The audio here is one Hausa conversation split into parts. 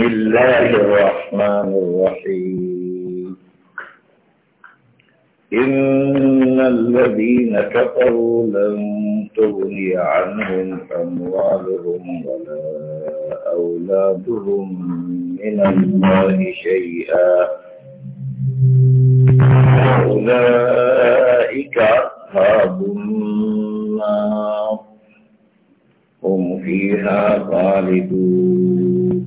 بسم الله الرحمن الرحيم إن الذين كفروا لن تغني عنهم أموالهم ولا أولادهم من الله شيئا أولئك أصحاب النار هم فيها خالدون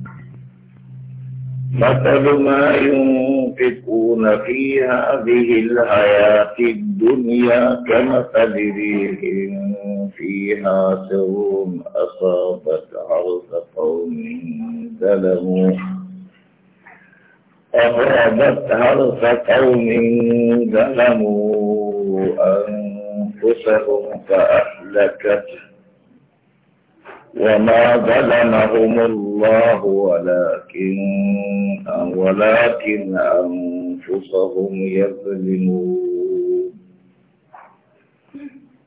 مثل ما ينفقون في هذه الحياة الدنيا كمثل ريح فيها سر أصابت عرض قوم ظلموا أصابت عرض قوم ظلموا أنفسهم فأهلكتهم وما ظلمهم الله ولكن ولكن أنفسهم يظلمون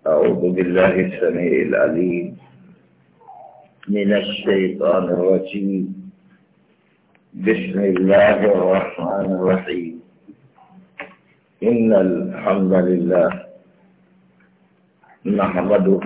أعوذ بالله السميع العليم من الشيطان الرجيم بسم الله الرحمن الرحيم إن الحمد لله نحمده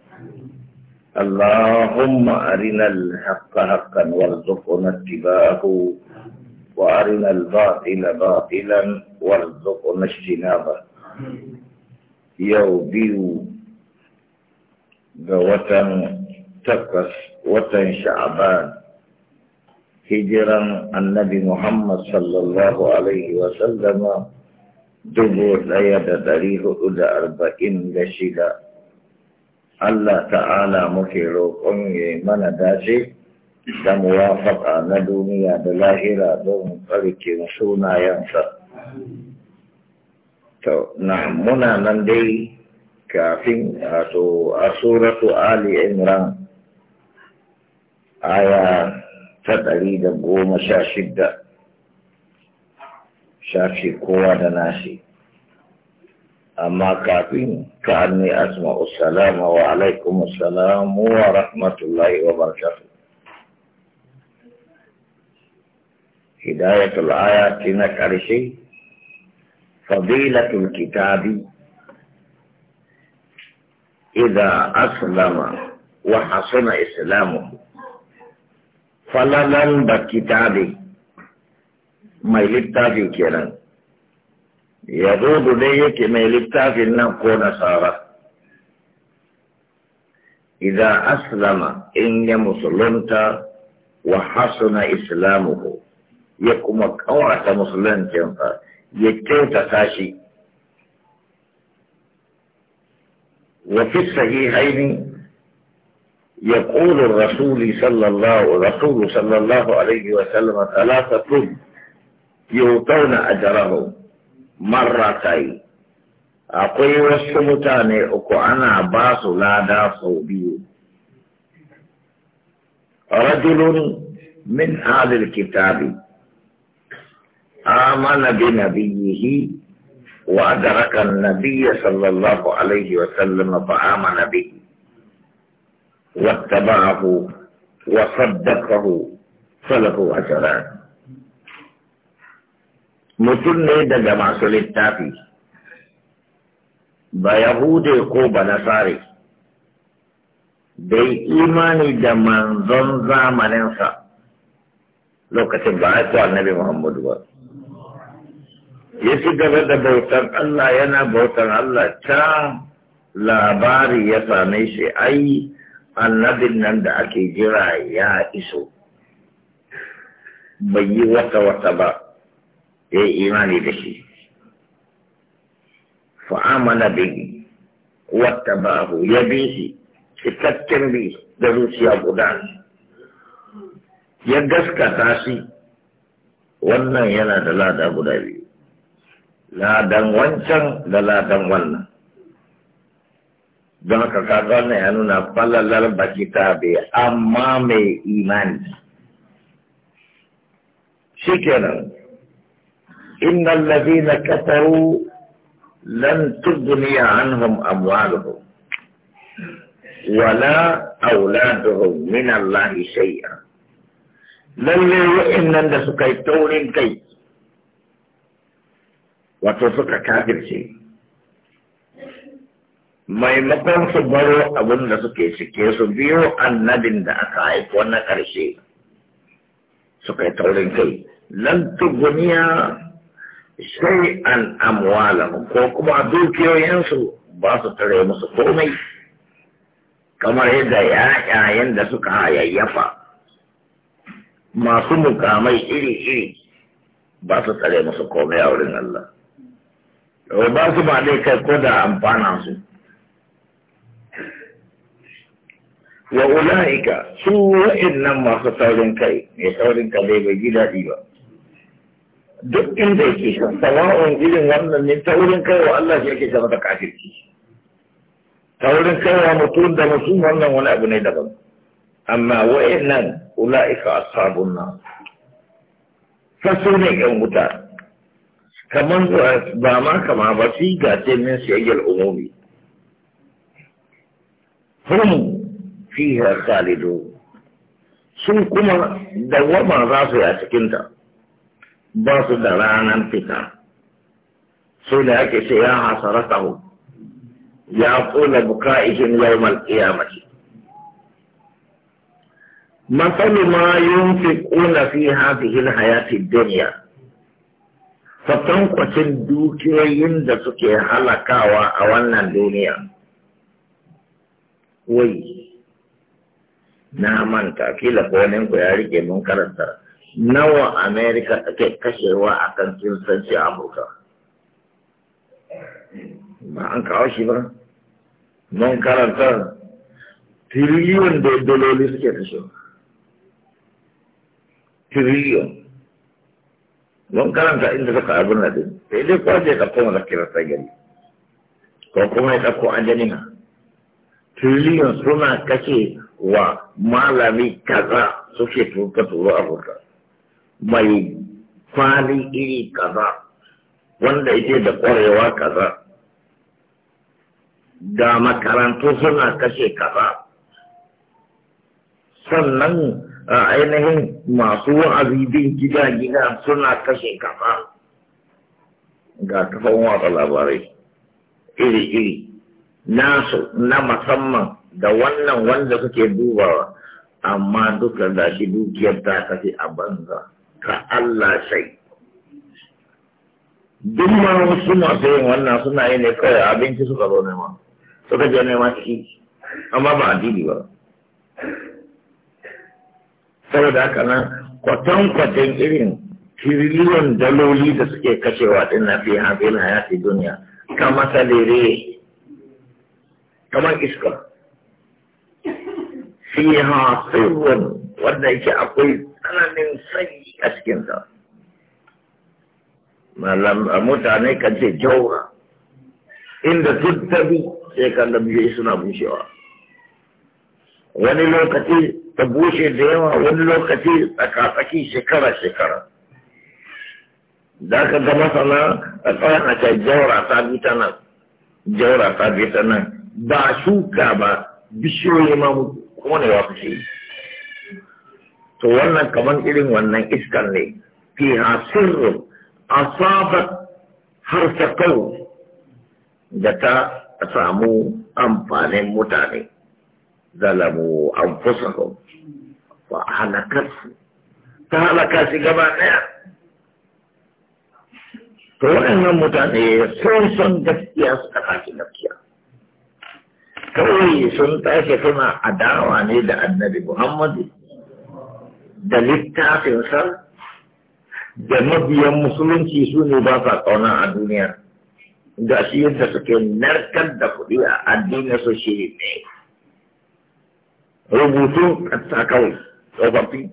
اللهم أرنا الحق حقا وارزقنا اتباعه وأرنا الباطل باطلا وارزقنا اجتنابه يو بيو وطن تقص وطن شعبان هجرا النبي محمد صلى الله عليه وسلم دبور لا يدريه إلى أربعين لشدة Allah ta'ala muke roƙon ya mana dace da muwafaƙa na duniya da lahira don tsarkin sunayensa. To, na muna nan dai kafin a suratu Ali Imran aya ta ɗari da goma sha shida shafi kowa da nashi. amma kafin ka anni asma assalamu wa alaikum assalam wa rahmatullahi wa barakatuh hidayatul ayat na karshe fadilatul kitabi idza aslama wa hasuna islamuhu falalan da kitabi mai littafi kenan يغوض ليك ما يلتاك إلا كون صارا إذا أسلم إن مسلمت وحسن إسلامه يكما كوعك مسلم تنفى يتوت وفي الصحيحين يقول الرسول صلى الله رسول صلى الله عليه وسلم ثلاثة يوطون أجرهم مرتين أقول وسمتاني أكو أنا باس لا داسو بيو رجل من هذا الكتاب آمن بنبيه وأدرك النبي صلى الله عليه وسلم فآمن به واتبعه وصدقه فله أجران mutum ne daga masu littafi ba yahude ko ba nasare bai imani da manzon zamaninsa lokacin ba a annabi muhammadu ba ya ci gaba da bautar Allah yana bautar Allah ta labari ya same shi ai annabin nan da ake jira ya iso bai yi wata wata ba ye imani da shi amana bi wata bahu ya bi shi cikakken bi da zuciya guda ya gaskata shi wannan yana da lada guda biyu ladan wancan da ladan wannan don haka kaga wannan ya nuna falalar baki ta amma mai imani shi kenan إن الذين كفروا لن تغني عنهم أموالهم ولا أولادهم من الله شيئا لن يؤمن أن سكيتون كي وتسك كافر شيء ما يمكن سبرو أبن سكي سكي سبيو أن دند أكايت ونكر شيء سكيتون كي لن تغني shay'an amwalahum ko kuma dukiyoyinsu ba su tare musu komai kamar yadda yayayen da suka hayayyafa masu mukamai iri-iri ba su tare musu komai a wurin Allah ba su ba dai kai ko da amfana su wa ula'ika su wa'in nan masu saurin kai mai saurin kai bai ji daɗi ba duk inda yake kan sawa'un irin wannan ne ta wurin kaiwa Allah shi yake gaba da kafirci ta wurin kaiwa mutum da mutum wannan wani abu ne daban amma wa'annan ula'ika sabon nan fasu ne yan wuta kaman ba ma kama ba su yi gace min siyayyar umumi hum fiha khalidu sun kuma dawama za su yi a cikinta ba su da ranar fita su da yake ce ya hasaratahu ya kula buka'ihim yawmal qiyamati مثل ما ينفقون في هذه الحياة الدنيا fatankwacin dukiyoyin da suke halakawa a wannan duniya wai na manta kila ko wani ku ya rike mun karanta nawa amerika take kashewa a kan kinsanci amurka ba an kawo shi ba mun karanta tiriliyon da daloli suke kashe tiriliyon mun karanta inda suka abin na din sai dai kwaje ka kafin da kira ta gari ko kuma ya ɗauko anjanina tiriliyon suna kashe wa malami kaza suke tuka turo amurka mai fali iri kaza wanda yake da ƙwarewa kaza da makarantu suna kashe kaza sannan a ainihin masu wa'azi wa'azibin gida-gida suna kashe kaza ga kafan watsa labarai iri-iri nasu na musamman da wannan wanda suke dubawa amma duka da shi dukiyar ta kashe a banza ka Allah sai. duk ma wasu masu yin wannan suna yi ne kawai abinci suka zo nema suka je nema ciki amma ba addini ba saboda haka nan kwatan-kwatan irin tiriliyon daloli da suke kashewa din na fi hafi na ya fi duniya kama salere kamar iska fiha sirrun wanda yake akwai tsananin sanyi a cikinsa mutane kan ce jaura inda tattabi sai kan lambiyoyi suna bushewa wani lokaci ta bushe da yawa wani lokaci tsakatsaki shekara-shekara da aka ga masana a tsawon a ce jaura ta bi ta nan jaura ta bi ta nan ba shuka ba bishiyoyi ma mutu kuma ne wa fushi to wannan kaman irin wannan iskar ne fi hasirru asabat har ta kau da ta samu amfanin mutane zalamu anfusahum wa halakarsu ta halaka shi gaba ɗaya to waɗannan mutane sun san gaskiya suka tashi gaskiya kawai sun tashi suna adawa ne da annabi muhammadu da littafinsa da mabiyan musulunci su ne ba sa kauna a duniya da shi yadda suke narkar da kuɗi a addinin su shi ne rubutu a takawai tsofaffi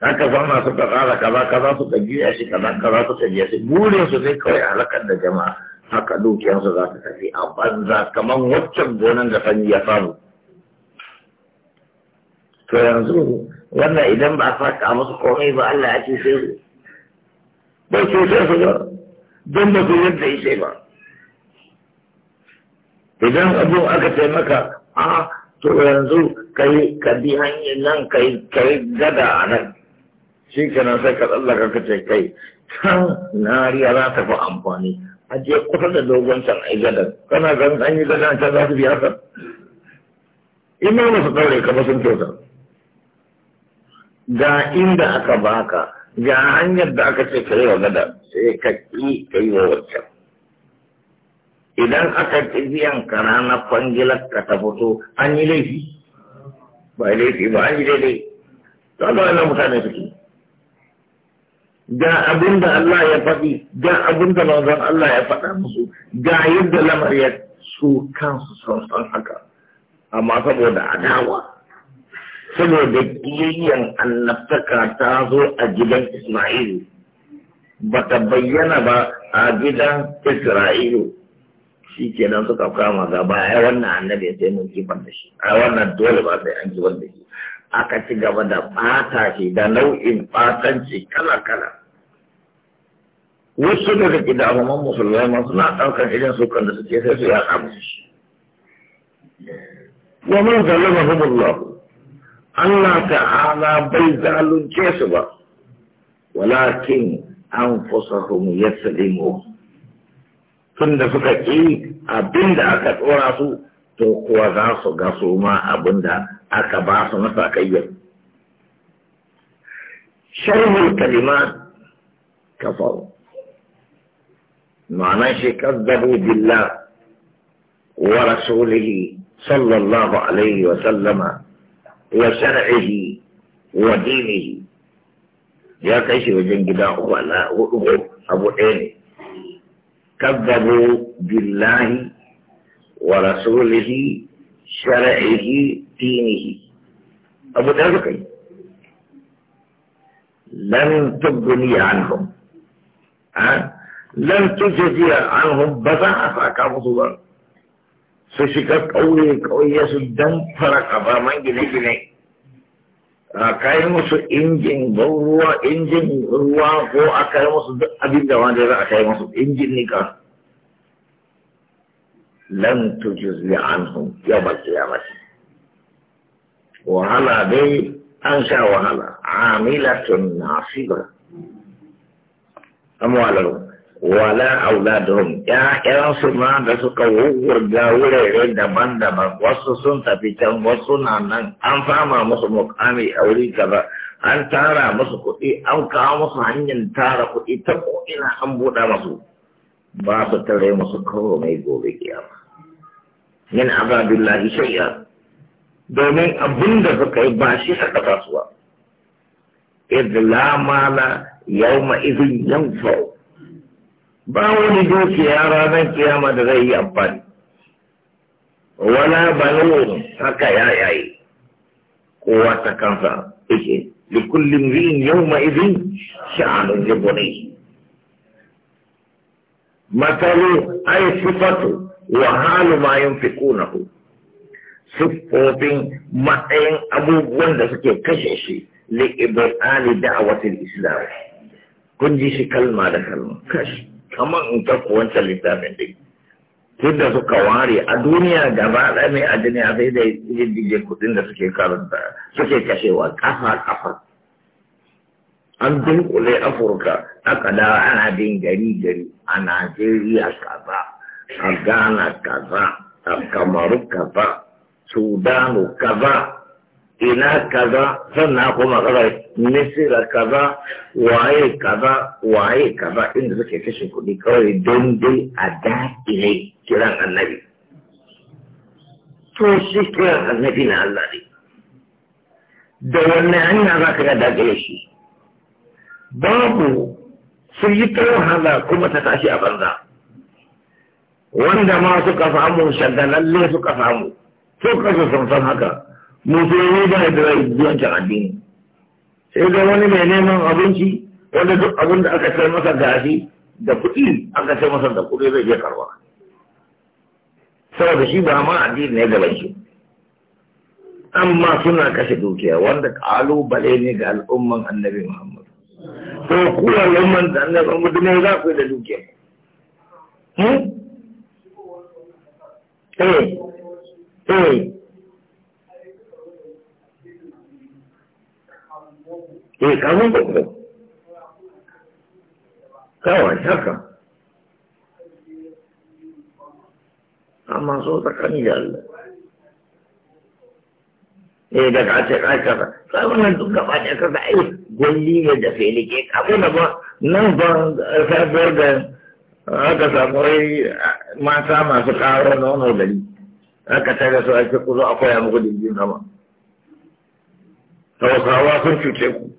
haka zauna suka tsara kaza kaza suka juya shi kaza kaza suka juya shi burin su sai kawai halakar da jama'a haka dukiyarsu za ta tafi a banza kamar waccan gonan da fanni ya samu to yanzu wannan idan ba a saka musu komai ba Allah ya cuce su bai cuce su ba don ba su yadda ishe ba idan abin aka taimaka a to yanzu kai ka bi hanyar nan kai kai gada a nan shi kenan sai ka tsallaka ka ce kai can riya za ta fi amfani a je kusa da dogon can ai gada kana gan an yi gada can za su biya ka ina ba su ɗaure ka ba sun kyauta ga inda aka baka ga hanyar da aka ce ka yi wa gada sai ka ƙi ka yi wa waccan idan aka ƙi biyan ka na kwangilar ka ta fito an yi laifi ba laifi ba an yi daidai ta ga wannan mutane suke ga abin da Allah ya faɗi ga abin da manzon Allah ya faɗa musu ga yadda lamar ya su kansu sun san haka amma saboda adawa saboda kiyayyen annabtaka ta zo a gidan Isma'il ba ta bayyana ba a gidan Isra'ilu shi ke nan suka kama gaba ya wannan annabi sai mun kifar da shi a wannan dole ba sai an kifar da shi aka ci gaba da ɓata shi da nau'in ɓatanci kala-kala wasu daga kidamuman musulmai ma suna ɗaukar irin sukan da suke sai su yaƙa musu shi wa man zalama humullahu Allah ta'ala bai zalunce su ba walakin anfusahum yaslimu tunda suka ki abinda aka tsora su to kuwa za su ga su ma abinda aka ba su na sakayyar sharhul kalimat kafaru ma'ana shi kazzabu billah wa rasulihi sallallahu alaihi wa sallama wa وشرعه ودينه ya kai shi wajen gida uku ala hudu abu ɗaya ne kazzabu billahi wa rasulihi shar'ihi dinihi abu ɗaya suka yi lan tubni anhum ha lan tujzi anhum ba za a saka musu ba su shiga ƙauye ƙauye su don fara ƙabaman gine-gine a kai musu injin ruwa injin ruwa ko a kai musu duk abin da wanda za a kai musu injin nika lan tujiz ya anhu ya ba wahala dai an sha wahala amilatun nasiba amwalar wala auladun ƴaƴansu ma da suka wurga wurare daban-daban wasu sun tafi can wasu na nan an fama musu mukami a wuri gaba an tara musu kuɗi an kawo musu hanyar tara kuɗi ta ko'ina an buɗa musu ba su tare musu kawo mai gobe kiyama min azabillahi shay'a domin abin da suka yi ba shi suka kasuwa idh la yauma yawma idhin yanfa'u ba wani dukiya ranar kiyama da zai yi amfani wala wani haka ya yayi kowa ta kansa yake likullin rin yau ma'izin sha'anun jibonai matsalu ai sifatu wa halu ma yin fi kunahu siffofin matsayin abubuwan da suke kashe shi li ibadali da'awatul islam kun ji shi kalma da kalma kashi kamar in karku wancan littafin din tunda suka ware a duniya gaba ɗaya mai a zai sai da yadda kuɗin da suke karanta suke kashewa kafar kafa an dunkule afirka aka dawa ana bin gari gari a najeriya kaza a ghana kaza a kamaru kaza sudanu kaza ina kaza sannan kuma kaza misira kaza waye kaza waye kaza inda suke kashe kuɗi kawai don dai a daƙile kiran annabi to shi kiran annabi na Allah ne da wannan hanya za ka ga shi babu sun yi ta wahala kuma ta tashi a banza wanda ma suka samu shagalalle suka samu suka zo sun san haka musulmi ba da rai ta addini sai ga wani mai neman abinci wanda duk abin da aka sai masa gashi da kuɗi aka sai masa da kuɗi zai je karwa saboda shi ba ma addini ne gaban shi amma suna kashe dukiya wanda kalubale ne ga al'umman annabi muhammad ko kuwa al'umman da annabi muhammad ne za ku yi da dukiya hmm? eh eh eh kamun da kuma kawai haka amma so tsakani da Allah eh da ka ce ka ka sai wannan duk gaba ɗaya ai gwalli ne da felike abu da ba nan ba sabuwar da aka samu eh, mata masu karo nono gari aka tare su ake kuzo akwai a muku dindin sama sun ku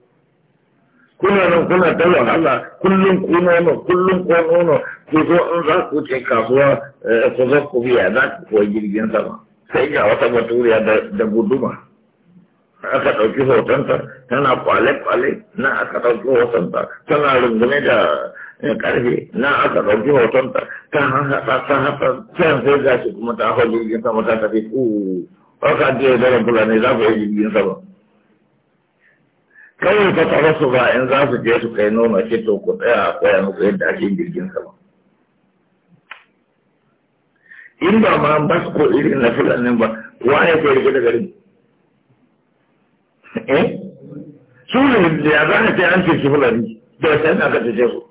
kuna nan kuna ta wahala kullum ku nono kullum ku nono ku zo in za ku ce kasuwa eh, ku zo ku biya za ku kuwa jirgin sama sai ga wata baturiya da guduma aka ɗauki hotonta tana kwale-kwale na aka ɗauki hotonta tana rungume da eh, ƙarfe na aka ɗauki hotonta ta haɗa ta haɗa can sai gashi kuma ta hau jirgin sama ta tafi ku ɗauka jiya daren fulani za ku yi jirgin sama kawai ka tare su ba in za su je su kai nono shi to ku tsaya a koya muku yadda ake yin jirgin sama in ba ma ko irin na fulani ba wane ke rike da garin eh su ne da ya zana ce an shi fulani da wata yana ka ce su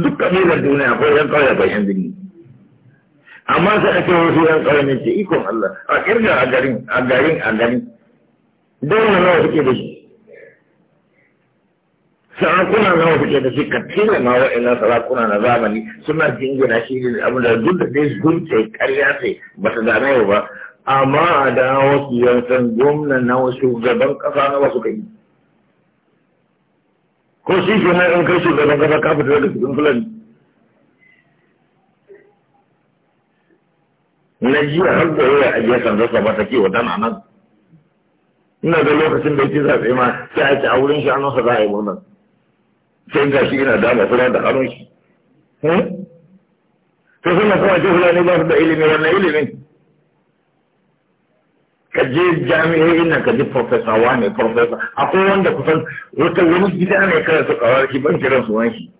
duk kabilar duniya akwai yan kawai akwai yan birni amma sai ake wasu yan kawai ne ce ikon Allah a kirga a garin a garin a garin dole nawa suke da shi sarakuna wasu ke da shi ka tilama wa'annan sarakuna na zamani suna jingina shi ne abin da duk da dai gunce karya sai ba ta gane ba amma a da wasu yansan gwamna na wasu gaban kasa na wasu kai ko shi ke na 'yan kai shugaban kasa ka fita daga cikin fulani na a har da yau a jiya sanda zasa ba ta ke wa dama nan ina da lokacin da yake zaɓe ma sai a ci a wurin shi a nasa za a yi murnar sai ga shi yana dama fura da hannun shi hmm? to sai na kuma ce fulani ba su da ilimi wannan ilimin ka je jami'o'in ina ka ji profesa ne profesa akwai wanda kusan wata wani gida ne kawai su kawar shi ban kiran su wani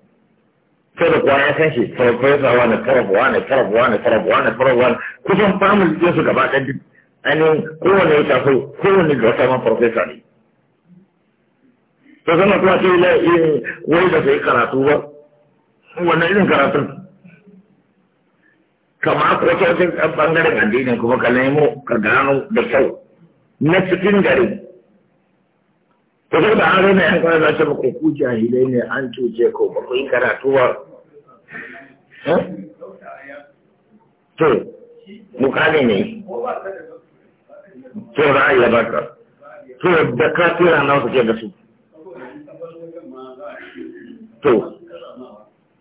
sai da kwaya san shi profesa wane wa ne, prof wa ne, wane wa ne. kusan family su gaba ɗaya duk ainihin kowane ya shafi kowane ga sama ma profesa ne ta zama kuma ce wai da sai karatu ba wannan irin karatun kama ko sautin ɗan ɓangaren addini kuma ka nemo ka gano da kyau na cikin gari ta zama da an rana yan kwanar zace ba ko ku jahilai ne an cuce ko ba ku yi karatu ba eh? to mukane ne to ra'ayi ba ka to da kafira na ke da su to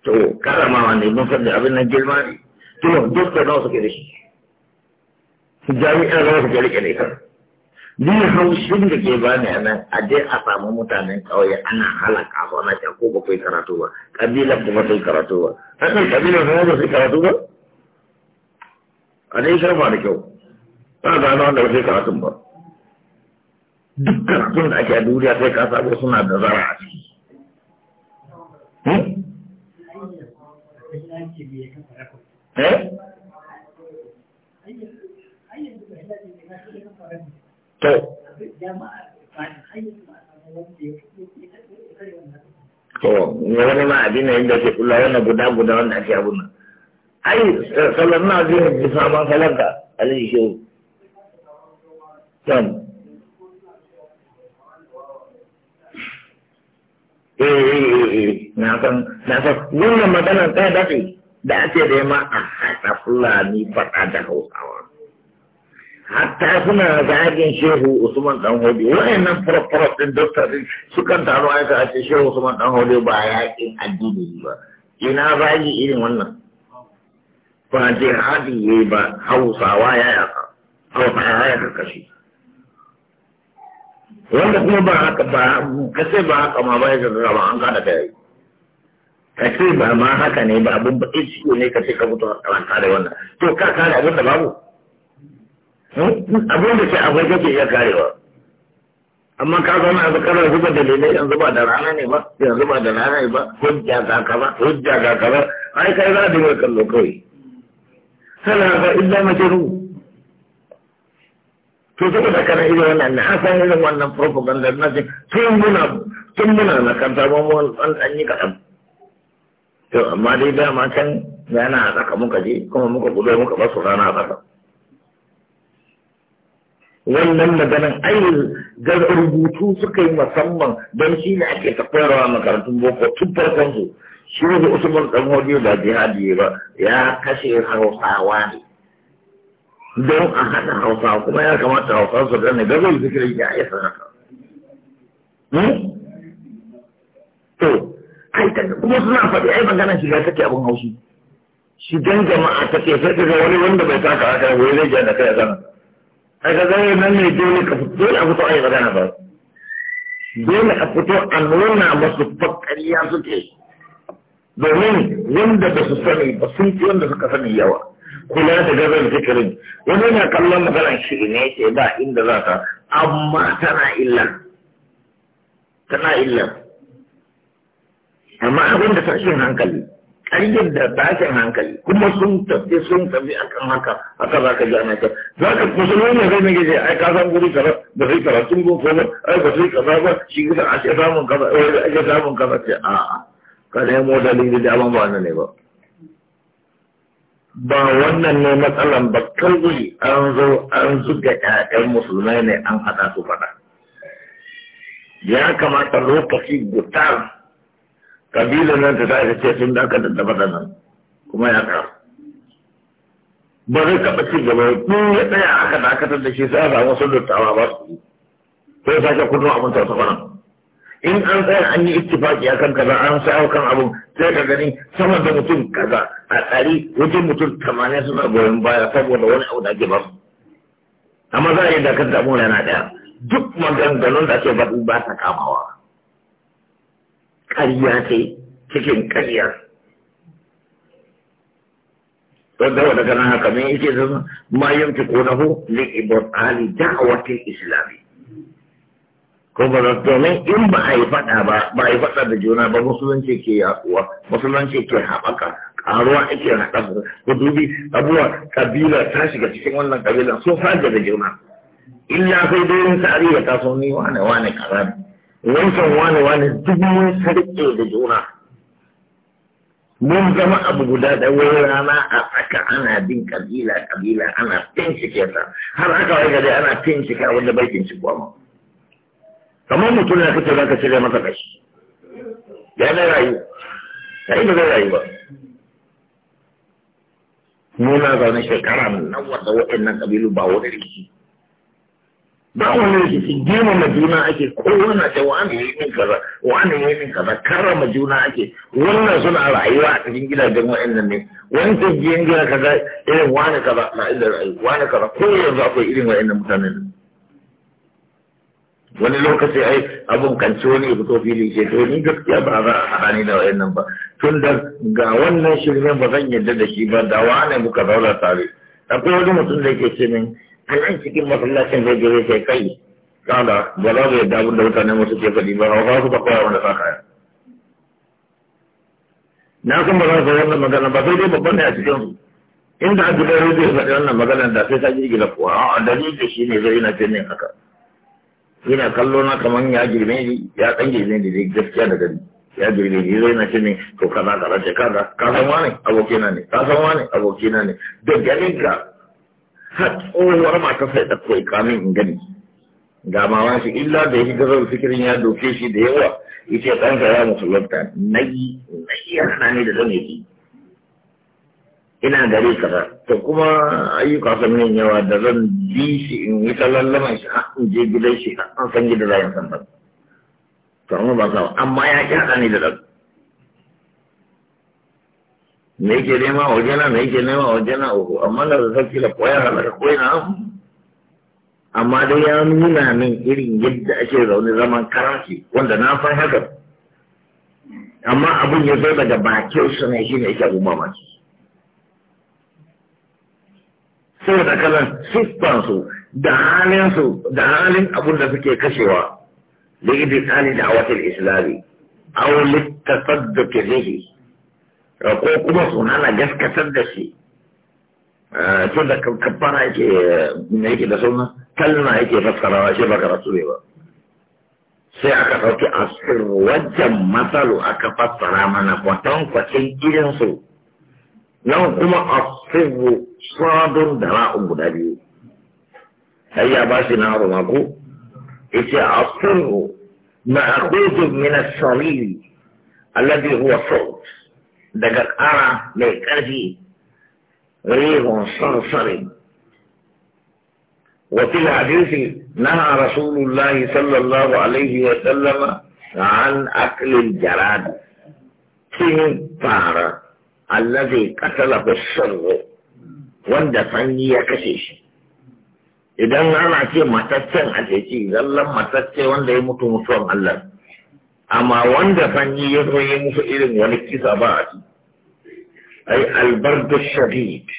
to karamawa ne mun san da abin nan girma ne to duk da nawa suke da shi su jami'an rawa suke rike da ita ni haushin da ke ba ni a nan a je a samu mutanen ƙauye ana halaka su na can ko bakwai karatu ba ƙabilan kuma sun karatu ba hakan ƙabilan sun ba su karatu ba a dai sharfa da kyau ba ga wanda ba sai karatun ba duk karatun da ake a duniya sai ka sabo suna da zara a ciki Eh? To, wani ma abin yin da ke kula yana guda guda wannan ake abin nan. Ai, sallar na zai yi sabon salanka, alin shehu. Can, Eh, eh, eh, eh na san na san wannan magana ta dace da ake da ma a haɗa fulani faɗa da hausawa hatta suna zagin shehu usman dan hodi wayannan furfurat din doktor din sukan taro aika ce shehu usman dan hodi ba yaƙin addini ba ina zagi irin wannan ba jihadi yayi ba hausawa ya yaka hausawa ya kashe wanda kuma ba haka ba ka sai ba haka ma ba ya ga ba an kada kai ka sai ba ma haka ne ba abun ba ciwo ne ka sai ka mutu an kada wannan to ka kare abin da babu hmm? abin da ke da ke iya karewa amma ka zama a zakarar zuba dalilai yanzu ba da rana ne ba yanzu ba da rana ne ba hujja ga kaza hujja ga kaza ai kai za a dinga kallo kawai sana ba mace ruwa to suka da kana wannan na an san irin wannan propaganda na ce tun muna tun muna na kanta ba mu an yi kaɗan to amma dai ma can yana a tsaka muka je kuma muka gudu muka basu rana a tsaka wannan maganan ayyul ga rubutu suka yi musamman don shi ne ake tafiyarwa makarantun boko tun farkon su shi ne usman dan hodi da jihadi ba ya kashe hausawa ne don a haɗa hausa kuma ya kamata hausa su gane gazon zikirin ya isa haka hmm? to ai kuma suna faɗi ai magana shiga take abin haushi shigan jama'a take sai ka ga wani wanda bai taka haka wai zai jana kai zana ai ka ga nan ne dole ka fito a fito ai magana ba dole a fito a nuna masu fakkariya suke domin wanda ba su sani ba sun fi wanda suka sani yawa kula da gaban zikirin wani na kallon magana shi ne ke ba inda za ta amma tana illa tana illa amma abin da tashin hankali ƙaryar da tashin hankali kuma sun tafi sun tafi kan haka haka za ka ji ana ta za ka musulmi ne zai nage ce ai ka san guri kaza ba sai karatun gun ko ba ai ba sai kaza ba shi kusa a ce samun kaza ai ake samun kaza ce eh, a'a ka nemo dalili da amma ba wannan ne ba ba wannan ne matsalan ba kawai an zo an zuga ƴaƴan musulmai ne an haɗa su faɗa ya kamata lokaci guda kabilan nan ta tashi ce sun daka da faɗa nan kuma ya karu. ba zai taɓa ci gaba in ya tsaya aka dakatar da shi sai a samu sun dattawa ba su sai sake kudin abin tausa nan in an tsaya an yi ittifaki akan kaza an sa kan abun sai ka gani sama da mutum kaza a tsari wajen mutum tamanin suna goyon baya saboda wani abu da ake ba amma za a yi dakar damu na na daya duk maganganun da ake baɗu ba ta kamawa ƙarya ce cikin ƙarya don daga nan haka mai yake zama ma yanki ko na hu li ibon ali da'awatin islami ko ba za domin in ba a yi faɗa ba ba a yi faɗa da juna ba musulunci ke yaduwa musulunci ke haɓaka ƙaruwa ake haɗa su ku dubi abuwa kabila ta shiga cikin wannan kabila so fajar da juna illa sai dai yin sa'ari ya taso ni wane wane karami wancan wane wane duk mun sarƙe da juna mun zama abu guda da wani rana a tsaka ana bin kabila kabila ana bincike ta har aka wai gari ana bincika wanda bai bincikuwa ma. kamar mutum ne kace zaka cire masa kashi ya zai rayu Ya ba zai rayu ba muna zaune shekara nan wata waɗannan kabilu ba wani rikici ba wani rikici girmama juna ake kowane ce wani yi min kaza wani yi min kaza karrama juna ake wannan suna rayuwa a cikin gidajen waɗannan ne wani ta gina kaza irin wani kaza na ilar rayu wani kaza ko yanzu akwai irin waɗannan mutanen wani lokaci ai abun kanci wani ya fito fili ce to ni gaskiya ba za a hani ni da wayannan ba tun da ga wannan shirin ba zan yadda da shi ba da wane muka zaura tare akwai wani mutum da yake ce min a cikin masallacin zai gare sai kai kada ba za mu yadda abin da mutanen masu ke faɗi ba ba su ba koya wanda sa kaya na san ba za su wannan magana ba sai dai babban ne a cikin su inda a gidan rediyo faɗi wannan magana da sai ta girgiza kuwa a dalilin shi ne zai yi na ce haka yana kallo na kaman ya girme ni ya dan girme ni dai gaskiya da gani ya girme ni zai na ce ne to kana da ce kaza ka san wani abokina ne ka san wani abokina ne da ganin ka har tsohuwar mata sai ta koyi kamin in gani ga mawan shi illa da yake gazar fikirin ya doke shi da yawa yace ɗanka ya musulunta nayi nayi yana ne da zan yi ina gari ba to kuma ayyuka sun min yawa da zan bi shi in yi ta lallama shi a ah, in je gidan shi a ah, an san gidan zayin san ba to amma ba sawa amma ya ki hada ni da dan me yake nema waje na me yake nema waje na uku amma na da sarki da koyar da koyar na amma dai ya nuna min irin yadda ake zaune zaman karashi wanda na san haka amma abin ya zo daga bakin su ne shine yake abun mamaki saboda kalan siffansu da halinsu da halin abin da suke kashewa da ibi tsali da awatar islami au littasar da ko kuma su hana gaskatar da shi eh, to da kafara yake ne yake da suna kalma yake fassarawa shi ba karatu ne ba sai aka ɗauki asir wajen matsalu aka fassara mana kwatankwacin irinsu nan kuma asfibu sadun da ra'un guda biyu ai ya ba shi na haru mako yace asfibu ma'khudun min as-sarir alladhi huwa sawt daga ƙara mai ƙarfi rihun sarsarin وفي الحديث نهى رسول الله صلى الله عليه وسلم عن أكل الجراد فيه طهرة allazi qatala bisallu wanda sanyi ya kashe shi idan ana ce mataccen a ce zallan matacce wanda ya mutu mutuwan Allah amma wanda sanyi ya zo ya musu irin wani kisa ba a ci ai albardu shadid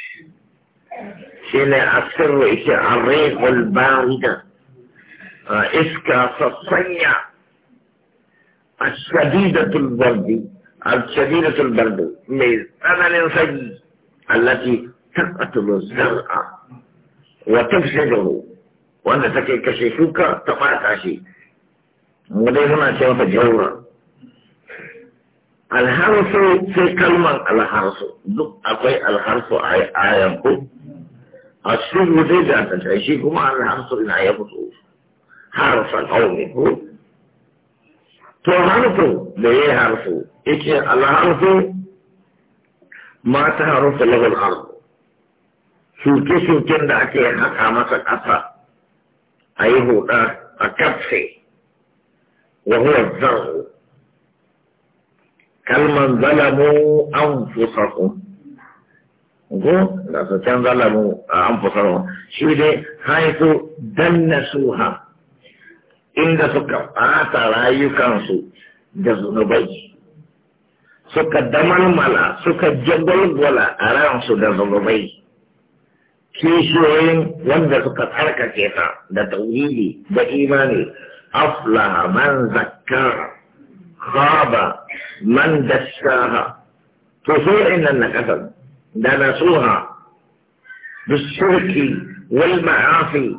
shine asirru ishe arrihul barida iska sassanya الشديدة البرد السبيلة البرد من أمل صدي التي تقتل الزرع وتفسده وأنا تكي كشيشوكا تقعت عشي ودي هنا شوف جورا الحرس في كلمة الحرس دق أقوي الحرس آي آيبو أشوف ودي ذات عشيكم عن الحرس إن آيبو حرس القوم هو تو حرسو بيه حرسو yake al'arfu ma ta harufa lagun ardu shuke-shuken da ake haka masa ƙasa a yi huɗa a kafse wa huwa zar'u kalman zalamu an fusaku ko da su can zalamu an fusaku shi dai haitu danna suha inda suka fata rayukansu da zunubai suka damal mala suka jagwalgwala ara su da zunubai kishiyoyin wanda suka tsarkake ta da tauhidi da imani aflaha man zakkaha khaba man dassaha to su innan na kasar da nasuha bisurki wal ma'afi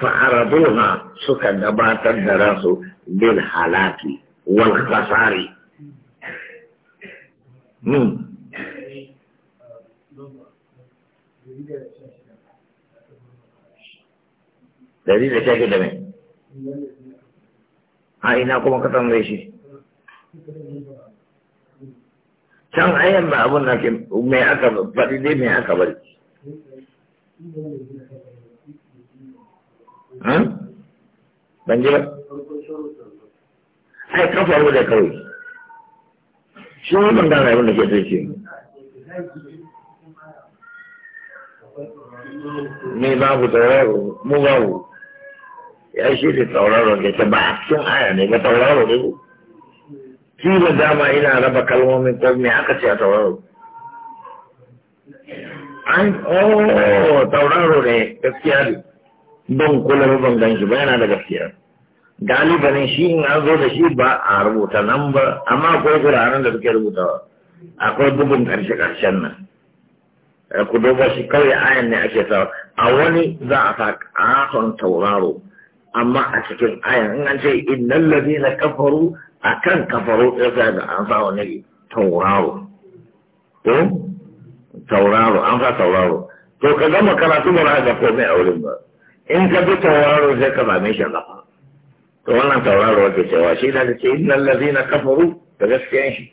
fa'araduha suka gabatar da ransu bil halaki wal khasari Hmm. dari da shaƙi da mai a ina kuma ka tambaye shi can ayan ba abun na mai aka faɗi dai mai aka bari ban ji ba ai kafa da kawai shi wannan gane abin da ke sai shi ne babu tauraro mu babu ya shi da tauraro da ta ba a cikin aya ne ba tauraro ne ku shi da dama ina raba kalmomin ko me aka ce a tauraro an oh tauraro ne gaskiya don kula ban gan shi ba yana da gaskiya galibanin shi in an zo da shi ba a rubuta nan ba amma akwai guraren da suke rubutawa akwai bugun karshe karshen nan eh, ku duba shi kawai ayan ne ake sa a wani za a sa katon tauraro amma a cikin ayan in an ce innal na kafaru akan kafaru sa da an sa wani tauraro to tauraro an sa tauraro to ka gama karatu ba za ka komai a wurin ba in ka bi tauraro sai ka mai shi a to wannan tauraro ke cewa shi da ce innal ladina kafaru da gaskiyan shi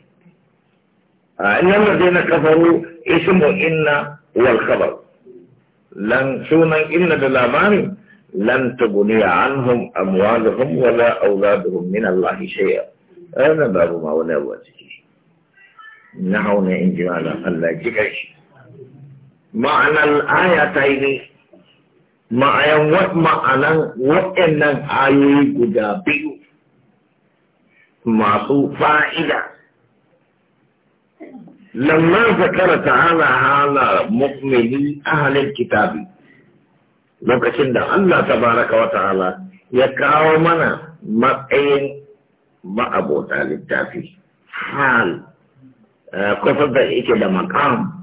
a innal ladina kafaru ismu inna wal khabar lan sunan inna da labarin lan tuguni anhum amwaluhum wala auladuhum min Allah shay'a ana babu ma wani abu ciki na hauna in ji Allah jikai shi ma'anar aya ta yi ma'ayan ma'anan waɗannan ayoyi guda biyu masu fa'ida lamma zakara hana hala a ahalin kitabi lokacin da Allah ta baraka wa ta'ala ya kawo mana matsayin ma'abota littafi hal eh, kusa da yake da makam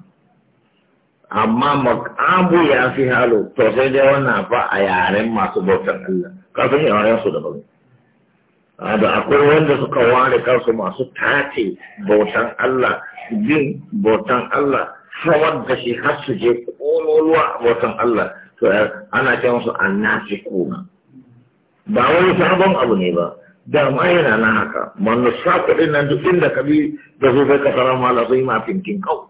amma makabu ya fi halu to sai dai wannan fa a yaren masu bautan Allah kafin yaren su daban da akwai wanda suka ware kansu masu tace bautan Allah bin bautan Allah samar da shi har su je kololuwa bautan Allah to ana ce musu annasi kuma ba wani sabon abu ne ba da ma yana na haka manusa kuɗin nan duk inda ka bi da su sai ka tsara ma la ma kawai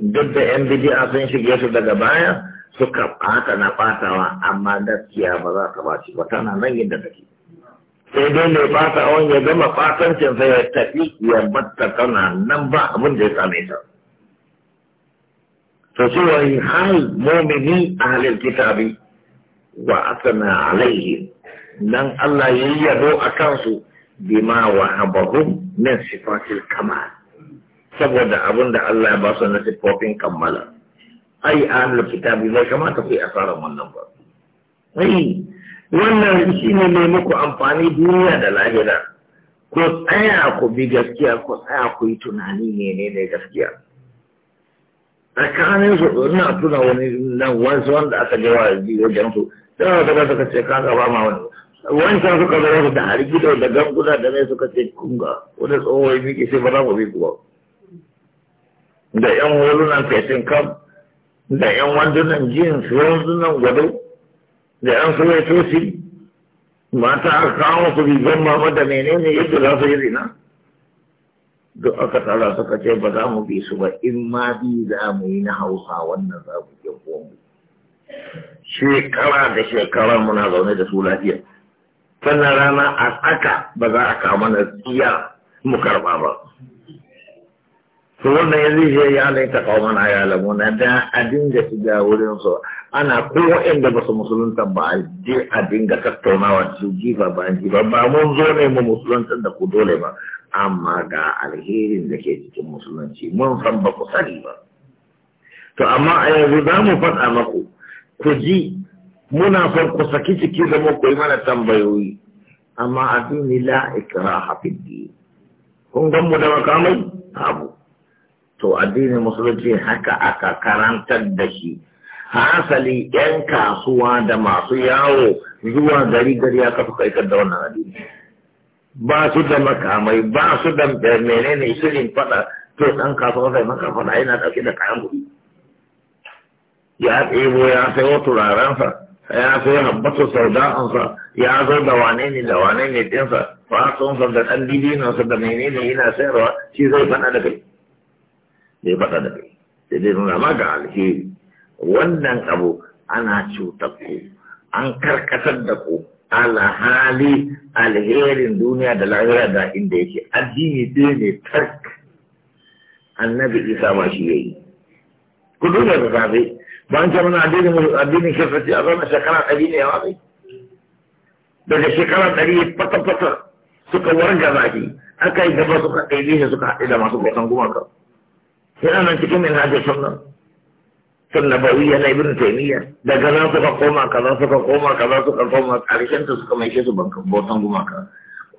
duk da yan bidi'a sun shige su daga baya suka ɓata na ɓatawa amma gaskiya ba za ka baci ba tana nan yadda take sai dai mai ɓata wani ya gama ɓatancin sai ya tafi ya batta tana nan ba abin da ya same ta to shi wani hal momini a halin kitabi wa asana alaihi nan Allah ya yi yabo a kansu bima wa habahum min sifatil kamar. saboda abin da Allah ya ba su na siffofin kammala ai ahlul kitabi bai kamata ku yi asarar wannan ba ai wannan shi ne mai muku amfani duniya da lahira ku tsaya ku bi gaskiya ku tsaya ku yi tunani menene gaskiya tsakanin su ina tuna wani nan wasu wanda aka je wa wajen su da wata suka ce kan gaba ma wani wancan suka zama da harigida da ganguna da mai suka ce kunga wani tsohon miki sai ba za mu bi ku ba da yan hulunan fetin kam da yan wandunan jeans sunan gado, da yan tosi mata a kawo su rigar mama da menene yadda za su yi zina duk aka tara suka ce ba za mu bi su ba in ma bi za mu yi na hausa wannan za mu ke mu shekara da shekara muna zaune da su lafiya sannan rana a tsaka ba za a kama na tsiya mu karba ba to wannan yanzu shi ya laita kauman a yalamu na da a dinga shiga wurin su ana ko waɗanda ba su musulunta ba a je a dinga tattaunawa su jifa ba ji ba mun zo ne mu musulunta da ku dole ba amma ga alherin da ke cikin musulunci mun san ba ku sani ba to amma a yanzu za mu faɗa maku ku ji muna son ku saki ciki da mu ku yi mana tambayoyi amma a duni la ikraha fid din kun mu da makamai abu to addinin musulunci haka aka karantar da shi hasali yan kasuwa da masu yawo zuwa gari gari aka kafa kaikar da wannan addini ba su da makamai ba su da menene shirin fada to dan kasuwa sai maka fada yana dauke da kayan kuɗi ya tsebo ya sayo turarensa ya sayo habbatu sauda'ansa ya zo da wane ne da wane ne ɗinsa fatonsa da ɗan bibinansa da menene yana sayarwa shi zai fada da kai ya faɗa da kai sai dai nuna ma ga alheri wannan abu ana cutar ku an karkatar da ku alhali alherin duniya da lahira da inda yake addini ɗaya ne tark annabi isa ma shi yayi ku duniya da safe ba an kama addini addinin shirkaci a zama shekara ɗari ne yawa bai daga shekara ɗari fata-fata suka warga zaki aka yi gaba suka ɗaiɗe suka haɗe da masu gwasan gumaka. yana nan cikin min hajji sunna sunna bawiya na ibn taymiya daga nan suka koma kaza suka koma kaza suka koma karshen ta suka mai su bankan bautan gumaka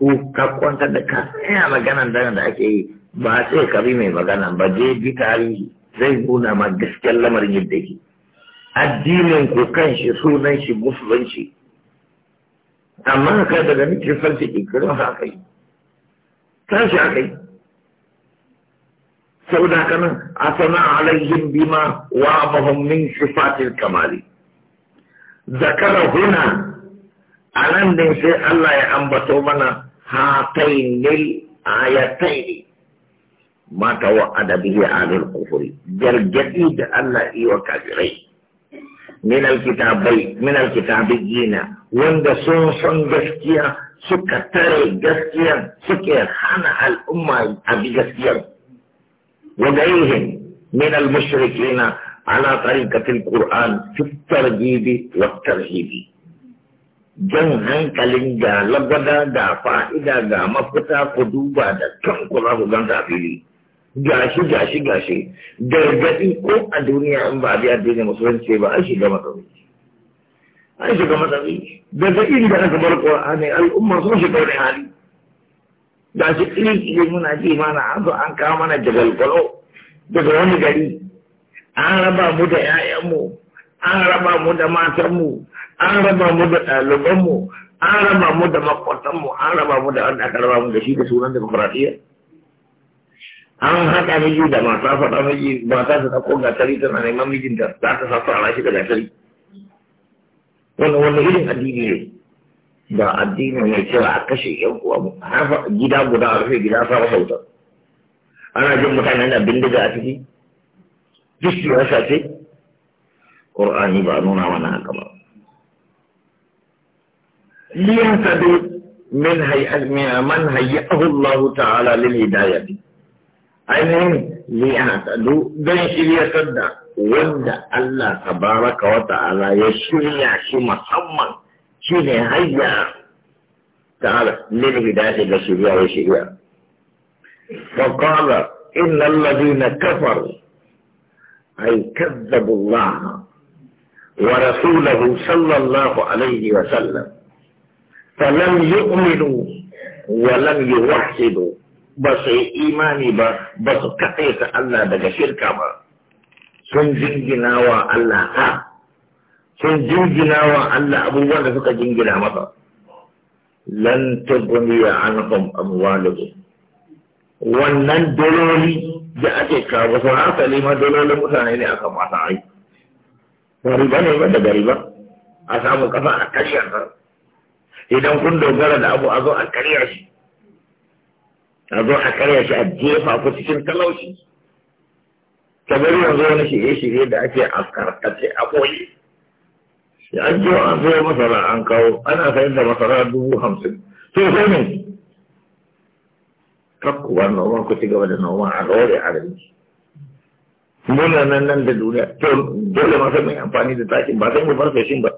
ko ka kwanta da ka tsaya maganan da da ake yi ba sai ka bi mai magana ba je bi tarihi zai nuna ma gaskiyar lamarin yadda ke addinin ku kan shi sunan shi musulunci amma ka daga nake farce ke kiran haka yi tashi haka yi سودا كان أثنى عليهم بما وعظهم من صفات الكمال ذكر هنا ألم ننسى الله يأنبتو منا هاتين الآيتين ما توعد به أهل الكفر جرجتي الله إيوة كافرين من الكتابين من الكتابيين وند سون سون جسكيا سكتر جسكيا سكي خان الأمة أبي جسكيا وغيرهم من المشركين على طريقة القرآن في الترغيب والترهيب jan hankalin da lagwada da fa'ida ga mafita ku duba da kanku za ku ganta fili gashi gashi gashi gargaɗi ko a duniya in ba a biya addinin musulunci ba an shiga matsaloli an shiga matsaloli daga inda aka bar ƙwar'ani al'umma sun shiga wani hali da shi kiri muna ji mana an zo an kawo mana jagalgalo daga wani gari an raba mu da 'ya'yanmu an raba mu da matanmu an raba mu da ɗalibanmu an raba mu da makwatanmu an raba mu da wanda aka raba mu da shi da sunan demokuraɗiyya an haɗa miji da mata faɗa miji mata ta ɗauko gatari tana neman mijin da za ta sa a rashi da gatari wannan wannan irin addini ne da addini mai cewa a kashe yan uwa har gida guda a rufe gida sa masa wuta ana jin mutane na bindiga a ciki duk siyasa ce ƙur'ani ba nuna mana haka ba liyan sadu min hay'at man hayyahu Allah ta'ala lil hidayati ainihin liyan sadu don shirya da wanda Allah tabaraka wa ta'ala ya shirya shi musamman شيء هيا تعالى للهداية البشرية والشريعة فقال إن الذين كفروا أي كذبوا الله ورسوله صلى الله عليه وسلم فلم يؤمنوا ولم يوحدوا بس إيماني بس كتيس الله دقى شركة وألا الله sun jingina wa Allah abubuwan da suka jingina masa lan tubniya anhum amwalu. wannan daloli da ake kawo sun asali ma dalolin mutane ne aka masa ai riba ne ba daga ba. a samu kafa a karya sa idan kun dogara da abu a zo a karya shi a zo a karya shi a jefa ku cikin talauci kamar yanzu wani shirye-shirye da ake a karkace a koyi ya an jiwa an sayo masara an kawo ana sayar da masara dubu hamsin sai sai ne ba noma ku ci gaba da noma a rore a rai muna nan nan da duniya to dole ma mai amfani da takin ba zai mu bar fashin ba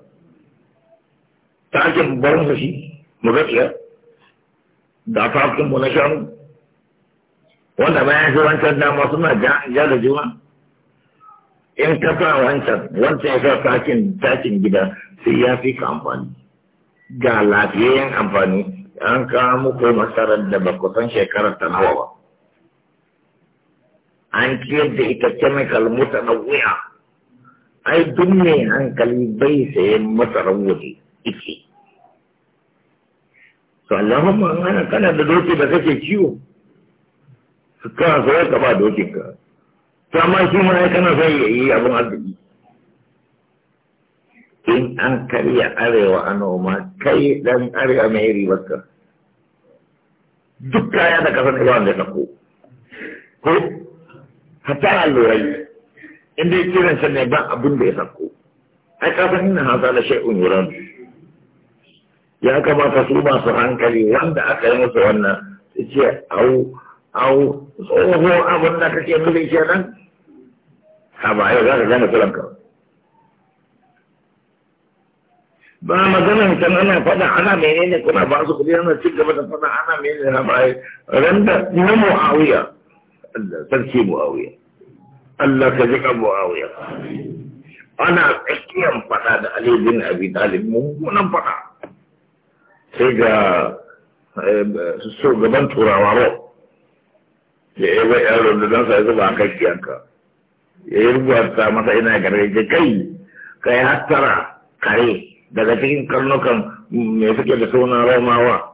takin bar fashi mu ga da fakin mu na shanu wanda bayan shi wancan dama suna ja da juma in ka sa wancan wancan ya sa takin gida sai ya fi ka amfani ga lafiyayyen amfani an kawo muku masarar da ba shekarar ta nawa ba an ciyar da ita chemical mota na wuya ai duk mai hankali bai sayan masarar waje ice su Allahumma ana kana da doki da kake ciwo su kana ka ba dokin ka to amma shi ma ya kana son ya yi abin arziki in an karya arewa a noma kai dan arewa mai ribarka duk kaya da kasar iran da sako ko hatta allurai inda ya kiran sa ne ba abin da ya sako ai kasan ina hasa da shai'un yuran ya kamata su masu hankali wanda aka yi musu wannan su ce au au tsoho abun da kake mulki kenan a ba yau ga ka kullum ka ba maganan kan ana fada ana menene kuma ba su kudi ana cin gaba da fada ana menene na bayi randa na mu'awiya Allah sarki mu'awiya Allah ka jika mu'awiya ana tsakiyar fada da Ali bin Abi Talib mummunan fada sai ga eh, shugaban turawa ba ya yi bai da don sai zuba a kan kiyanka ya yi rubuta masa ina gare ya kai kai yi hattara kare daga cikin karnukan mai suke da sunan romawa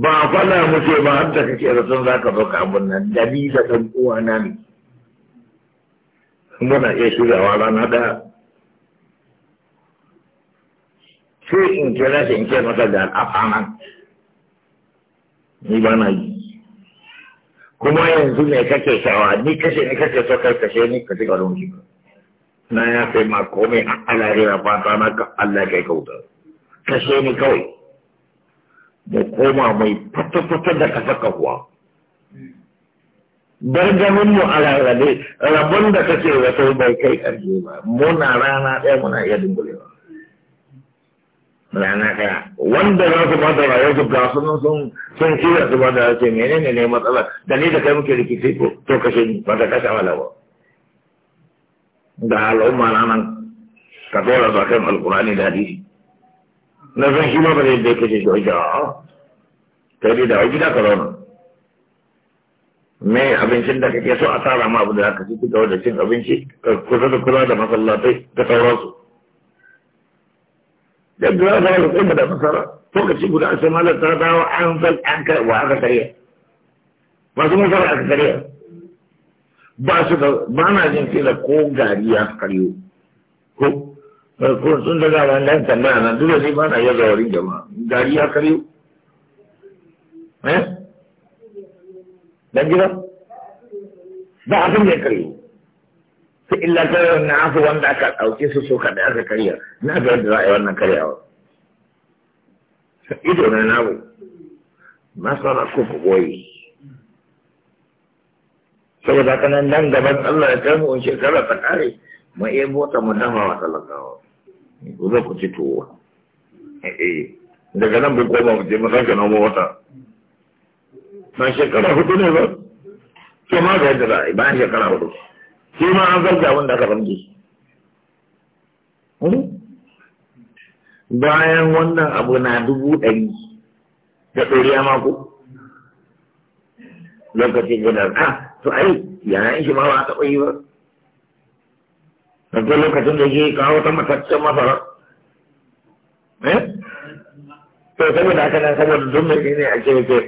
ba fada muke ba har da kake da sun zaka zo ka abun nan da bi da ɗan na ne muna iya shiryawa rana da sai in kira shi in ce masa da al'afa nan ni ba na yi kuma yanzu ne kake shawa ni kashe ni kake so kai kashe ni ka cika ruwan na ya fi ma komai a alarira fata na ka Allah kai kauta kashe ni kawai mu koma mai fata-fata da ka saka kuwa gargamin mu a rarrabe rabon da kake wata bai kai ƙarshe ba muna rana ɗaya muna iya dungulewa rana ɗaya wanda za su ba da rayuwar su ga sunan sun sun kira su ba da rayuwar menene ne matsala da ni da kai muke rikici ko to kashe ni ba da kashe wala ba da al'umma na nan ka dora su akan alkurani da hadisi na san shi ma ba zai da kashe shi wajen a'a kai dai da wajen da ka zauna me abincin da kake so a tara ma abu da aka ci duka wajen cin abinci kusa da kula da masallatai da sauransu da gara da wani kuma da masara lokaci guda a sai malar ta dawo an zan an kai wa aka karya masu masara aka karya ba su da ba na jin fila ko gari ya karyo ko eh, ko sun daga wani dan tambaya nan duk da sai ba na yaza wurin jama'a gari ya karyo eh dan gida ba abin da ya karyo sai illa kawai na asu wanda aka ɗauke su so kaɗai aka karya na ga yadda za a yi wannan karyawa ido na namu masara ko ku goyi saboda ka nan nan gaban Allah ya kai mu in shekara ta kare mu iya mota mu dama wa talakawa ku zo ku ci tuwo eh, daga nan bai koma mu je mu sake nomo wata na shekara hudu ne ba sai ma ga yadda za a yi bayan shekara hudu shi ma an abin da aka zarge hmm? bayan wannan abu na dubu ɗari da ɗoriya mako lokacin gudanar ka to ai yanayin shi ma ba a taɓa yi ba daga lokacin da ke kawo ta mataccen masara eh? to saboda aka nan saboda don mai ne a ce ce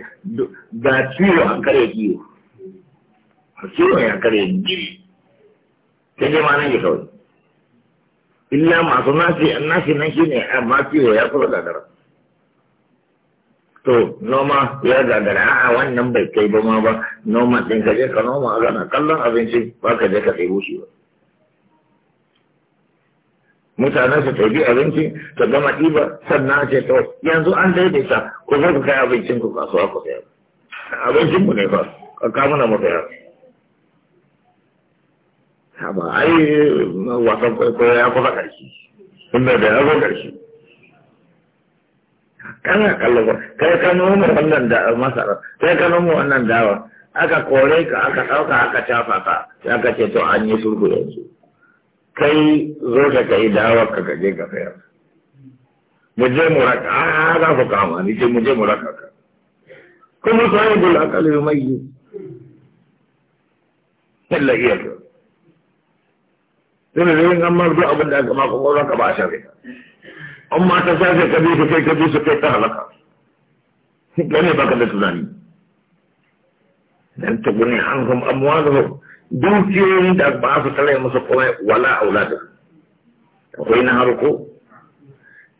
da ciwo an kare ciwo ciwo ya kare gini sai dai ma nan ji kawai illa masu nasi nasi nan shine eh, amma kiwo ya kuma gagara to noma ya gagara a ah, ah, wannan bai kai ba ma ba noma din ka je ka noma gana kallon abinci ba ka je ka tsaye shi ba mutanen su tafi abinci ta gama ɗiba sannan ce to yanzu an daidaita ku zo ku kai abincin ku kasuwa ku sayar abincin mu ne fa ka kawo mana mu sayar haba ai ya da ya kana kallon ka noma wannan da dawa aka kore ka aka ɗauka aka cafa ka ya ka ce to an yi surgu yanzu kai zo ka kai dawa ka gaje ka fayar mu je mu raka a za ku kama ni ce mu je mu raka ka kuma mai yi Tuna da yin an ma duk abin da aka maka ƙwaron ka ba a shari. An ma ta sace ka bi su kai ka bi su kai ta halaka. Gane baka da tunani. Dan ta gune an kuma amuwa da su. Dukiyoyin da ba su tare musu kuma wala aulada. Akwai na harko.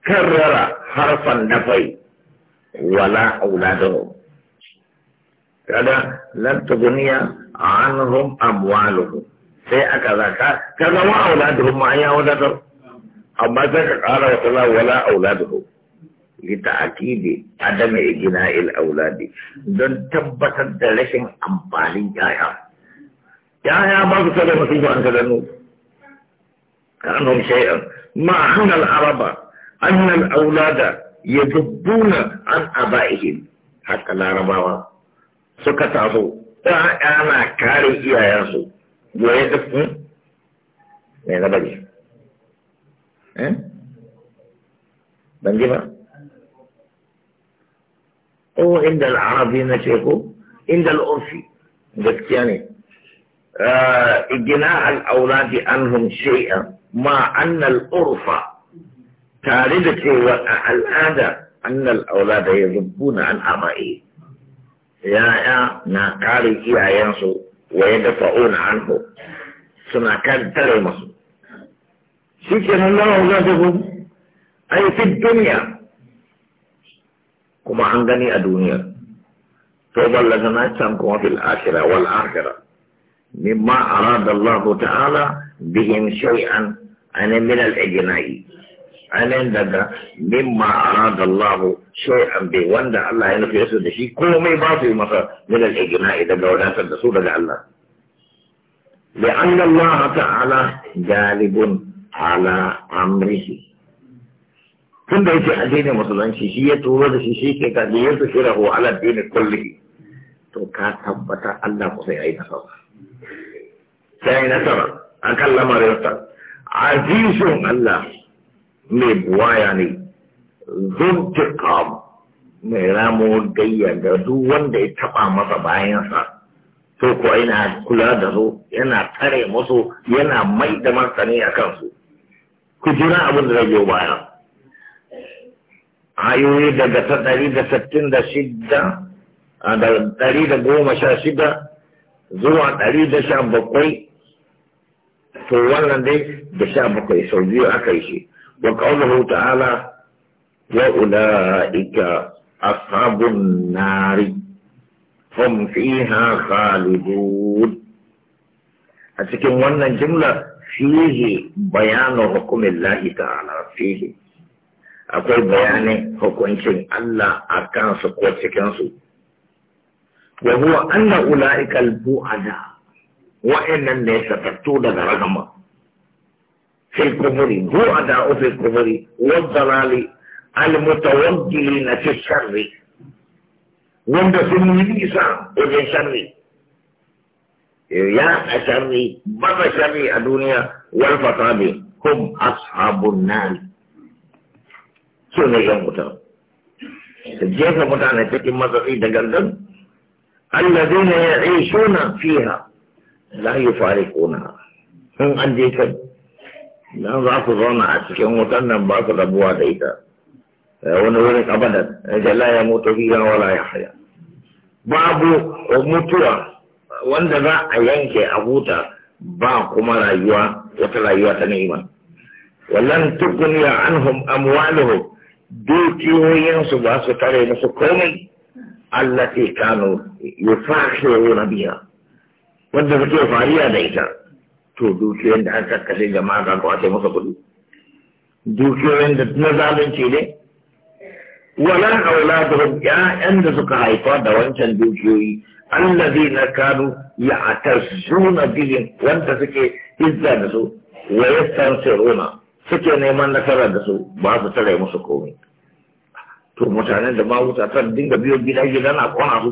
Karrara harfan dafai wala auladahu. Kada lan tuguniya anhum amwaluhum. sai aka zaka ka zama auladuhum ma ya wadatar amma sai ka ƙara wata la wala auladuhum لتأكيد عدم إجناء الأولاد دون تبت الدلشن أمبالي جايا جايا ما قصد مصيبة أنت لنو كأنهم شيئا ما أن العرب أن الأولاد يجبون عن أبائهم حتى العرب سكتوا أنا كاري إياه جو ہے سب کیوں میں نبا جی بندی ما او عند العربی نشیخو عند الارفی جس کیانے يعني، آه، اجناع الاولاد انہم شیئا ما ان الارفا تاردتی و الادا ان الاولاد يذبون عن ابائه يا يا نا قال يا ينسو ويدفعون عنه ثم كان ترى مصر سيكون الله أولادهم أي في الدنيا كما عندني الدنيا توبى لنا كما في الآخرة والآخرة مما أراد الله تعالى بهم شيئا أنا من الإجنائي ainihin daga mimma arada Allah shay'an bi wanda Allah ya nufi su da shi komai ba su yi masa min al-ijma'i daga wadatar da su daga Allah لأن الله تعالى غالب على أمره tun da yake addinin musulunci shi ya turo da shi shi ke kaji ya su shira ko ala dini kulli to ka tabbata Allah ku sai ayi nasara sai nasara akan lamarin sa azizun Allah mai buwaya ne zuntikam mai ramo gayya ga duk wanda ya taba masa bayansa to ko yana kula da su yana tare musu yana mai da martani a kansu ku jira abin da zai baya ayoyi daga ta ɗari da sittin da shida a da ɗari da goma sha shida zuwa ɗari da sha bakwai to wannan dai da sha bakwai sau biyu aka yi shi وقوله تعالى وأولئك أصحاب النار هم فيها خالدون أتكلم وانا جملة فيه بيان حكم الله تعالى فيه akwai bayanin hukuncin Allah a kansu ko cikinsu. Wa huwa anna ula'ikal bu'ada wa'annan ne satattu daga rahama. في الكفر هو أداء في الكفر والضلال المتوجلين في الشر وند سنوي ليسا وجه شر يا شر بابا شر الدنيا والفطاب هم أصحاب النار سنة يموتون jefa mutane تكي matsatsi دقلدن الذين يعيشون فيها لا يفارقونها هم عندي an idan za ku zauna a cikin wutan nan ba su rabuwa da ita eh, wani wurin abadan jala eh, ya mutu biya wala ya haya babu mutuwa wanda za a yanke a huta ba kuma rayuwa wata rayuwa ta ni'ima wallan tukunya anhum amwaluhum dukiyoyinsu ba su tare musu komai allati kanu yufakhiruna biya. wanda suke fariya da ita to dukiyoyin da aka kashe maka ko ake masa kuɗi dukiyoyin da na zalunci ne wala aula da ya'yan da suka haifa da wancan dukiyoyi na kanu zuna bilin wanda suke izza da su wa yastansiruna suke neman nasara da su ba su tare musu komai to mutanen da ba wuta san dinga biyo gida gida na kona su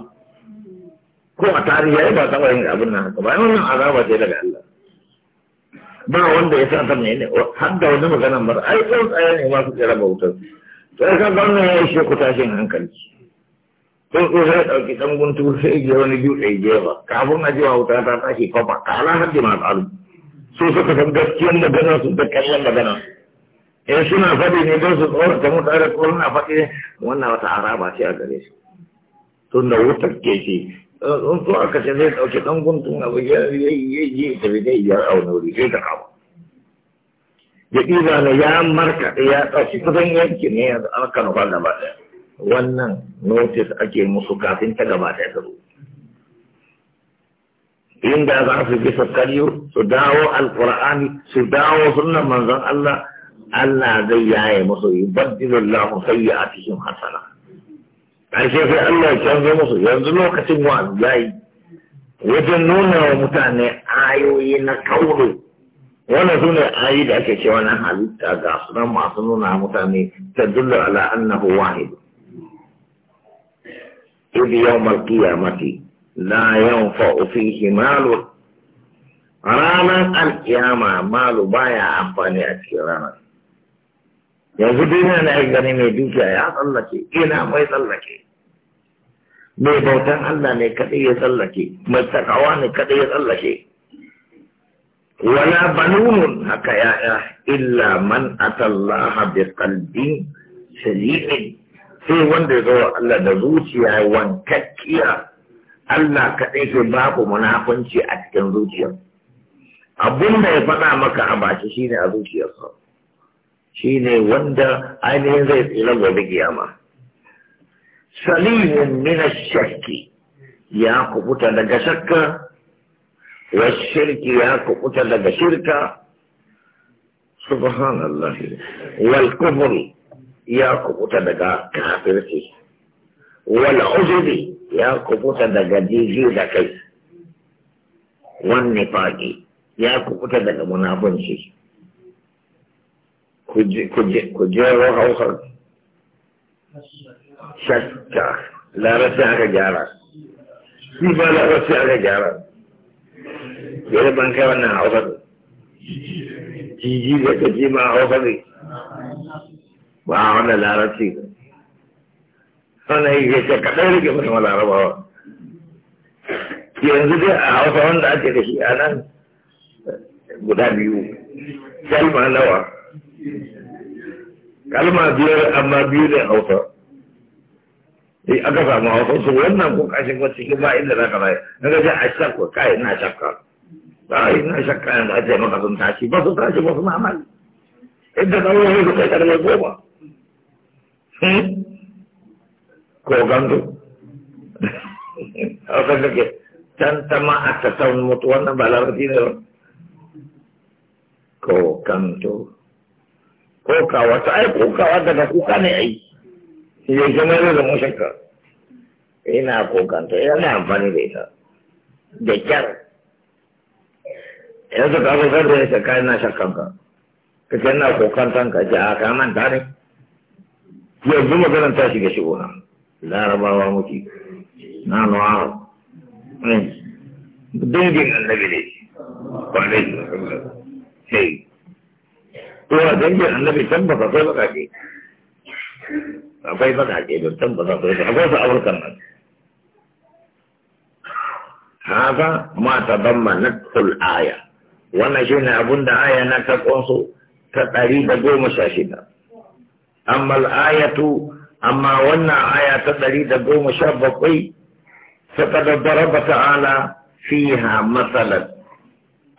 ko a tarihi ba taɓa yin abin nan ba wannan azaba ce daga Allah ba wanda ya sa ta ne har da wani magana ba ai tsawon tsaya ne masu tsere ba wutar to ka ga wannan ya ishe ku tashin hankali ko ko sai dauki dan guntu sai ya wani biyu ɗaya ya ba kafin a wa wuta ta tashi ko ba kala har da matsalu su suka san gaskiyar magana su da kallon magana in eh, suna faɗi ne don su tsorata mutane ko na faɗi wannan wata araba ce a gare su tun da wutar ke ce tsuntsu aka ce zai ɗauki ɗan guntun abu ya je tafi dai ya auna wuri sai ta kama ya ɗiba ne ya markaɗe ya ɗauki kusan yanki ne yanzu an kano ba gaba ɗaya wannan notice ake musu kafin ta gaba ɗaya ta inda za su bi su karyo su dawo alƙur'ani su dawo sunan manzon Allah Allah zai yaye musu yubaddilullahu sayyi'atihim hasana ƙarshe sai Allah ya canza musu yanzu lokacin wa yayi wajen nuna wa mutane ayoyi na kauro wannan su ne ayoyi da ake cewa na halitta ga su nan masu nuna mutane ta dulla ala annahu wahid yau yawm al na la fa fihi malu ranar al-qiyama malu baya amfani a cikin ranar yanzu duniya na gani mai dukiya ya tsallake ina mai tsallake mai bautan Allah ne kaɗai ya tsallake mai takawa ne kaɗai ya tsallake wala banunun haka ya'ya illa man atallaha bi qalbin salimin sai wanda ya zo Allah da zuciya wankakkiya Allah kaɗai ke babu munafunci a cikin zuciyar abin da ya faɗa maka a baki shine a zuciyarsa shi ne wanda ainihin zai tsira gobe giyama. Salihun Mina shakki ya kubuta daga shakka wa shirki ya kubuta daga shirka subhanallah wal ya kubuta daga kafirci wal uzri ya kubuta daga jiji da kai Wani nifaqi ya kubuta daga munafunci Ku je kujerar hausar shakka larabci aka gyara shi ba larabci aka gyara yadda ban kai wannan hausar jiji da kaji ma hausar ne ba wannan larabci wannan yake ce kaɗan rike mutum larabawa yanzu dai a hausa wanda ake da shi a nan guda biyu kalma nawa kalma biyar amma biyu da hausa sai eh, aka samu hausa su wannan ko kashin ko cikin ba inda zaka rayu na gaji a shakka kai na shakka kai na shakka yanzu a ce maka sun tashi ba su tashi ba su mamali inda zan wani su kai karfe goma hmm? ko gandu hausa kake can tama a ta mutu wannan ba larabci ne ba ko gandu kokawa ta ai kokawa daga kuka ne ai ya zama yau da mashaka ina kokanta yana amfani da ita da kyar yanzu ka kokar da ya shaka yana shakanka ka ce ina kokantan ka ce a ka manta ne yanzu maganar ta shiga shigo na larabawa muke na nuwa eh. dangin annabi ne kwanai sai هذا ما تضمنته الآية وانا شونا أبونا آية نتقنصو تقريبا قوم شاشنا أما الآية أما وانا آية تقريبا قوم شابقي فقد ضرب تعالى فيها مثلا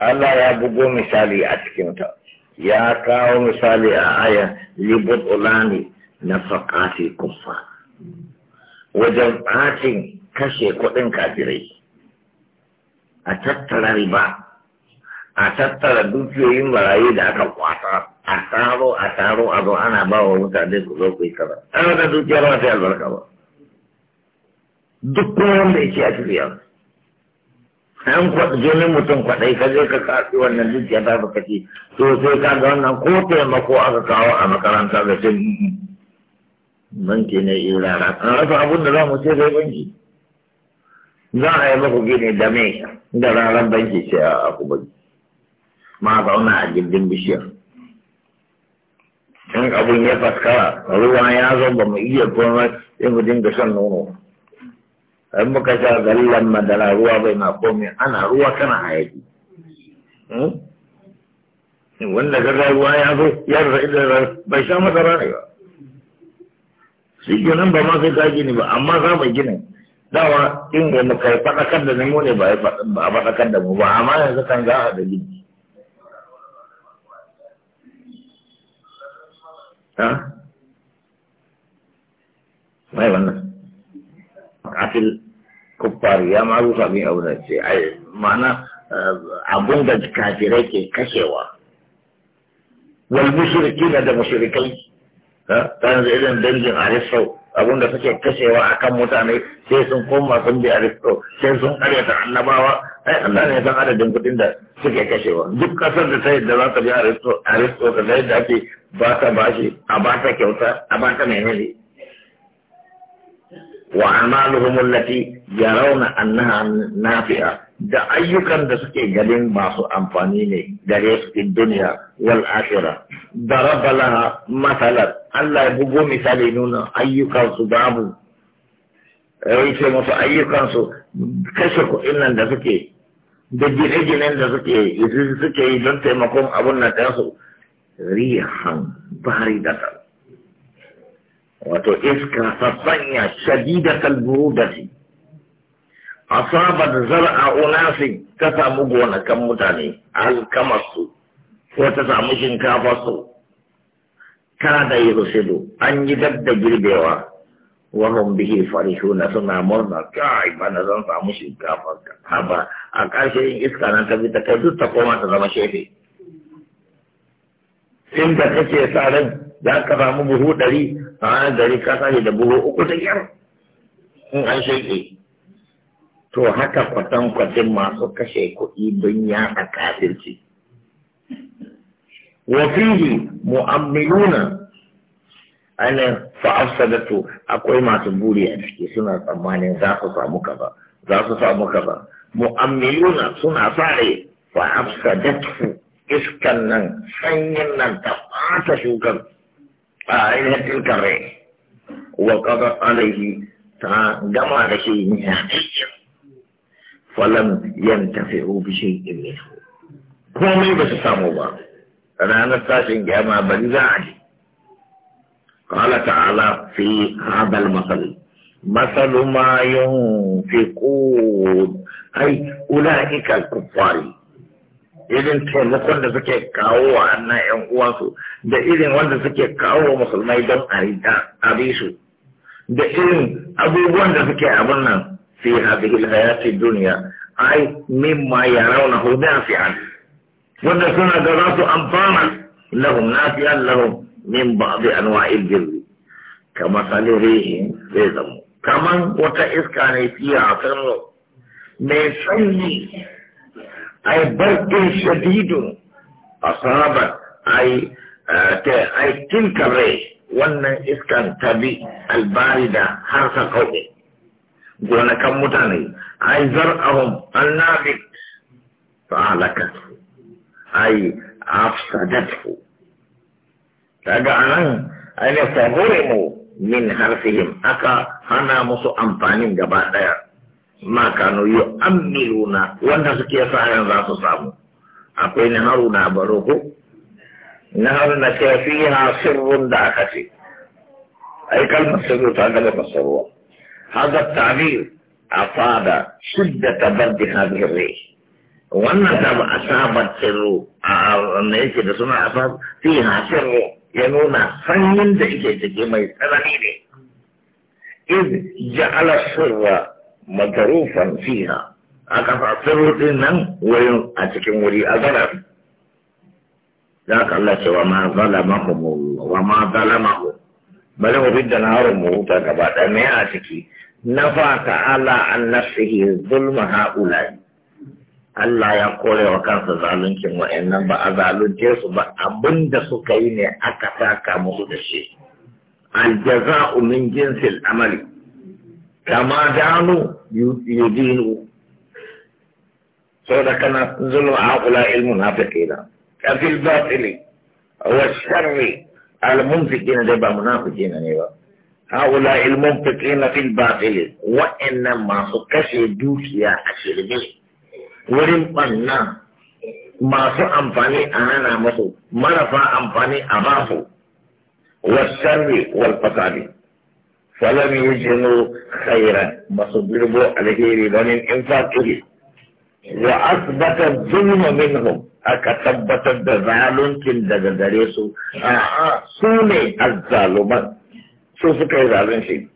ألا يا بقوم مثالي أتكنتا يا كاو مثال آية لبطلان نفقات الكفار وجمعات كشي قطن كافري أتتر ربا أتتر دوكيو إن ملايو داتا قواتا أتارو أتارو أدو أنا باو ومتعدين كذو كذا أنا دوكيو ما تيال بركا دوكيو ما تيال بركا an kwaɗa mutum kwaɗai ka je ka kaɗi wannan dukiya ta baka ce to sai ka ga wannan ko taimako aka kawo a makaranta da ce banki ne irara an rasa abin da za mu ce zai banki za a yi maku gini da me da ranar banki ce a ku banki ma zauna a gindin bishiyar in abun ya faskara ruwa ya zo ba mu iya komai in mu dinga shan nono in muka sha zallan madara ruwa bai ma komai ana ruwa kana hayaki hmm? wanda ka ga ruwa ya zo ya rasa idan bai sha madara ne ba shi kenan ba ma sai ta gini ba amma za mu gina dawa in ga mu kai faɗakar da mu ne ba a faɗakar da mu ba amma yanzu kan za a gini. ha mai wannan katil kuffar ya ma rufa min auna ce ai ma'ana eh, abun da kafirai ke kashewa wal mushriki da mushrikai ta yanzu idan dangin aristo abun da suke kashewa a kan mutane sai sun koma sun bi aristo sai sun karyata annabawa ai Allah ne san adadin kudin da suke kashewa duk kasar da ta yadda za ta bi aristo aristo ka da yadda ake ba ta bashi a ba ta kyauta a ba ta menene Wa amaluhum allati yarawna annaha nafi'a da ayyukan da suke ganin masu amfani ne gare su fi duniya wal akhirah da laha masalan Allah ya bugo misali nuna ayyukan su babu ce musu ayyukan su kashe kuɗin nan da suke da gine-ginen da suke suke yi don taimakon abun na su rihan bari da wato iska ta sanya da shadidatal A asabat zar'a unasi ta samu gonakan mutane alkamarsu ko ta samu shinkafarsu Kada da rusilu an yi dadda girbewa wahon biki farishu na suna murna kai bana zan samu shinkafa haba a ƙarshen iska na ta ta kai duk ta koma ta zama shefe inda kake sa ran za ka samu buhu ɗari a ranar gari ka sani da buhu uku da yar in an shaƙe to haka kwatan kwatin masu kashe kuɗi don ya a kafirci wafihi mu'ammiluna ana to akwai masu buri a ciki suna tsammanin za su samu ba za su samu ba mu'ammiluna suna fare to iskan nan sanyin nan ta fata فعليها تلك الريح عليه فجمع لشيء نهائي فلم ينتفعوا بشيء منه هم بس ساموا بعض رانا تاشن جمع بنزاعي قال تعالى في هذا المثل مثل ما ينفقون أي أولئك الكفار irin taimakon da suke kawo wa annan yan uwansu da irin wanda suke kawo wa musulmai don a bi su da irin abubuwan da suke abin nan fi hadhihi alhayati duniya ai mimma yarawnahu nafi'an wanda suna ga za su amfana lahum nafi'an lahum min ba'd anwa'il jirri kama salirihi zai zamo Kamar wata iska ne fiye a sanro mai sanyi أي برد شديد أصابت أي أي تلك الريح وأن إسكان تبي الباردة حرس قومي kan mutane ai zar'ahum annabik fa halakat afsadatu Daga anan ai ne fa mu min harfihim aka hana musu amfanin gaba daya ma kanu amiluna wanda suke sa yan za su samu akwai ni haruna baro ko na haruna ce fi ha sirrun da aka ce ai kalmar sirru ta gaba fasarwa hada tabir afada shiddata bardi hadhihi rai wannan da ba asabar sirru a me yake da suna asab fi ha sirru ya nuna sanyin da yake ciki mai tsanani ne iz ja'ala sirra matarufan fiha aka fa sirrin nan wurin a cikin wuri a gara za ka Allah ce wa ma mu wa ma mako. bari mu bidda narin mu ta gaba da me a ciki nafa ta'ala an nafsihi zulma ha'ula'i Allah ya kore wa kansa zaluncin wa'annan ba a zalunce su ba abinda suka yi ne aka taka musu da shi Aljaza min jinsil amali kama danu yudinu saboda kana zulma haƙula ilmun hafiƙina kafil batili wa sharri almunfiqina dai ba munafiqina ne ba haƙula ilmun na fil batili wa'annan masu kashe dukiya a shirme wurin ɓanna masu amfani a hana masu marafa amfani a bafu. wa sharri wal fasadi falam yi jinu khairan ba su birbo alheri ba ne in fatuli wa asbata zulma minhum aka tabbatar da zaluncin daga gare su su ne azzaluman su suka yi zalunci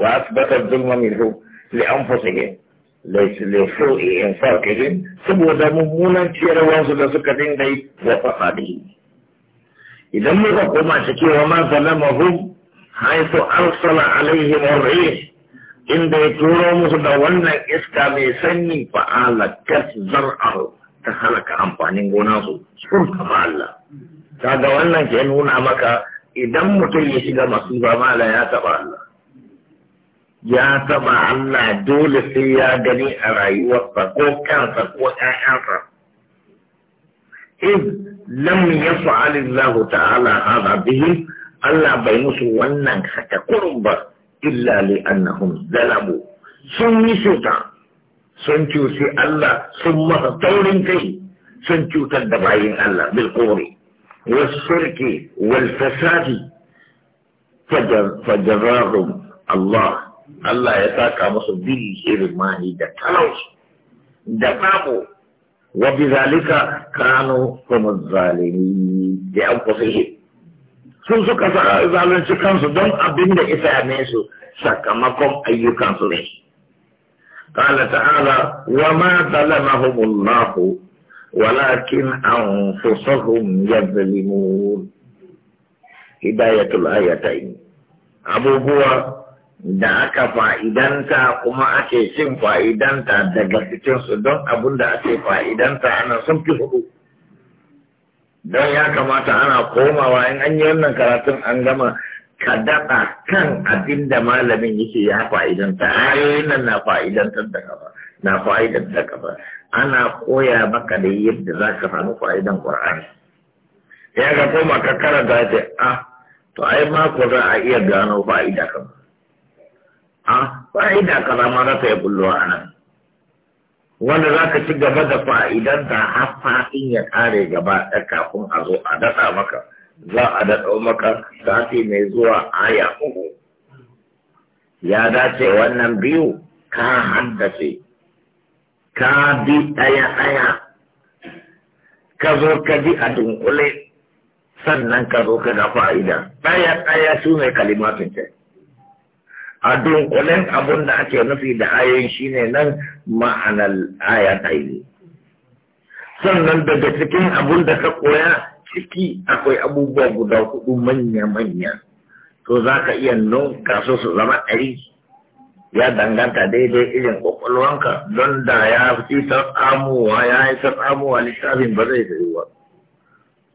wa asbata zulma minhum li an fasihe laisu le so in fatuli saboda mummunan ciyarwar su da suka dinga yi wa fasadi idan muka koma cikin wa ma zalama hum حيث أرسل عليهم الريح إن يتورو مصدونا إسكا ميسني فعال كزرعه تخلق أمبانين غناسو سبحان الله kaga wannan ke nuna maka idan mutum ya shiga masifa mala ya taba Allah ya taba Allah dole sai ya gani a rayuwarsa ko kansa ko ƴaƴansa in lam yaf'al Allah ta'ala a bihi Allah bai musu wannan haka kurun ba illa li annahum zalabu sun yi cuta sun cuci Allah sun masa taurin kai sun cutar da bayin Allah bil kore was shirki wal fasadi fajarrahum Allah Allah ya saka musu bil irmani da talauci da babu wa bi zalika kanu kuma zalimi da an kusa sun suka zalunci kansu don abin da isa ne su sakamakon ayyukansu ne قال تعالى وما ظلمهم الله ولكن أنفسهم يظلمون هداية الآيتين أبو abubuwa da aka fa'idanta kuma ake cin fa'idanta daga cikinsu don abin da ake fa'idanta ana sun fi hudu. don ya kamata ana komawa in an yi wannan karatun an gama ka daɗa kan abin da malamin yake ya fa'idanta yi nan na fa'idantar da kafa na fa'idan da kafa ana koya maka da yadda za ka samu fa'idan ƙur'ani ya ga koma ka karanta ce a ah, to ai mako za a iya gano fa'ida kaza a ah, fa'ida kaza ma za ta yi bullowa a nan wanda za ka ci gaba da fa'idan da hafaɗin ya kare gaba ɗaya kafin a zo a daɗa maka za a daɗa maka sati mai zuwa aya uku ya dace wannan biyu ka haddace ka bi ɗaya ɗaya ka zo ka bi a dunkule sannan ka zo ka ga fa'ida ɗaya ɗaya su ne kalimatun ce a dunkulen abun da ake nufi da ayoyin shine nan ma'anar aya ta yi sannan daga cikin abun da ka koya ciki akwai abubuwa guda hudu manya-manya to za ka iya nunka su su zama ɗari ya danganta daidai irin kwakwalwanka don da ya fi ta tsamuwa ya yi ta tsamuwa littafin ba zai ba.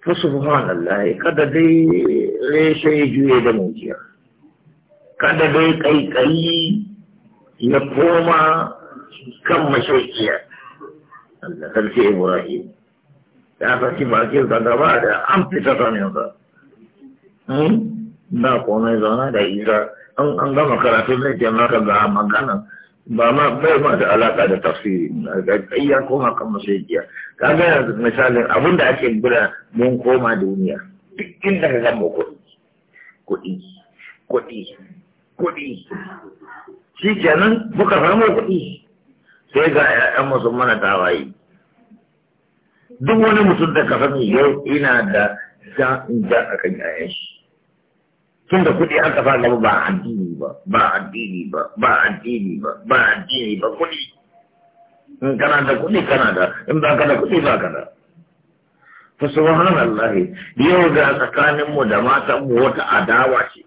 fa subhanallah kada dai reshe ya juye da mujiya kada dai kaikayi ya koma kan mashaikiya Allah sarki Ibrahim ya sarki bakin da gaba da an fita da hmm? ba komai zauna da isa an gama karatun zai ce maka ga maganan ba ma bai ma da alaka da tafsiri kayya ko haka mashayiya kaga misalin abin da ake gura mun koma duniya duk inda ka gama mako, kuɗi kuɗi kuɗi shi kenan muka samu kuɗi sai ga ƴaƴan musu mana tawaye duk wani mutum da ka sani yau ina da da ja akan ƴaƴan shi tun da kuɗi an kafa gaba ba addini ba ba addini ba ba addini ba ba addini ba kuɗi in kana da kuɗi kana da in ba ka da kuɗi ba ka da fa subhanallah yau ga tsakanin mu da matan mu wata adawa ce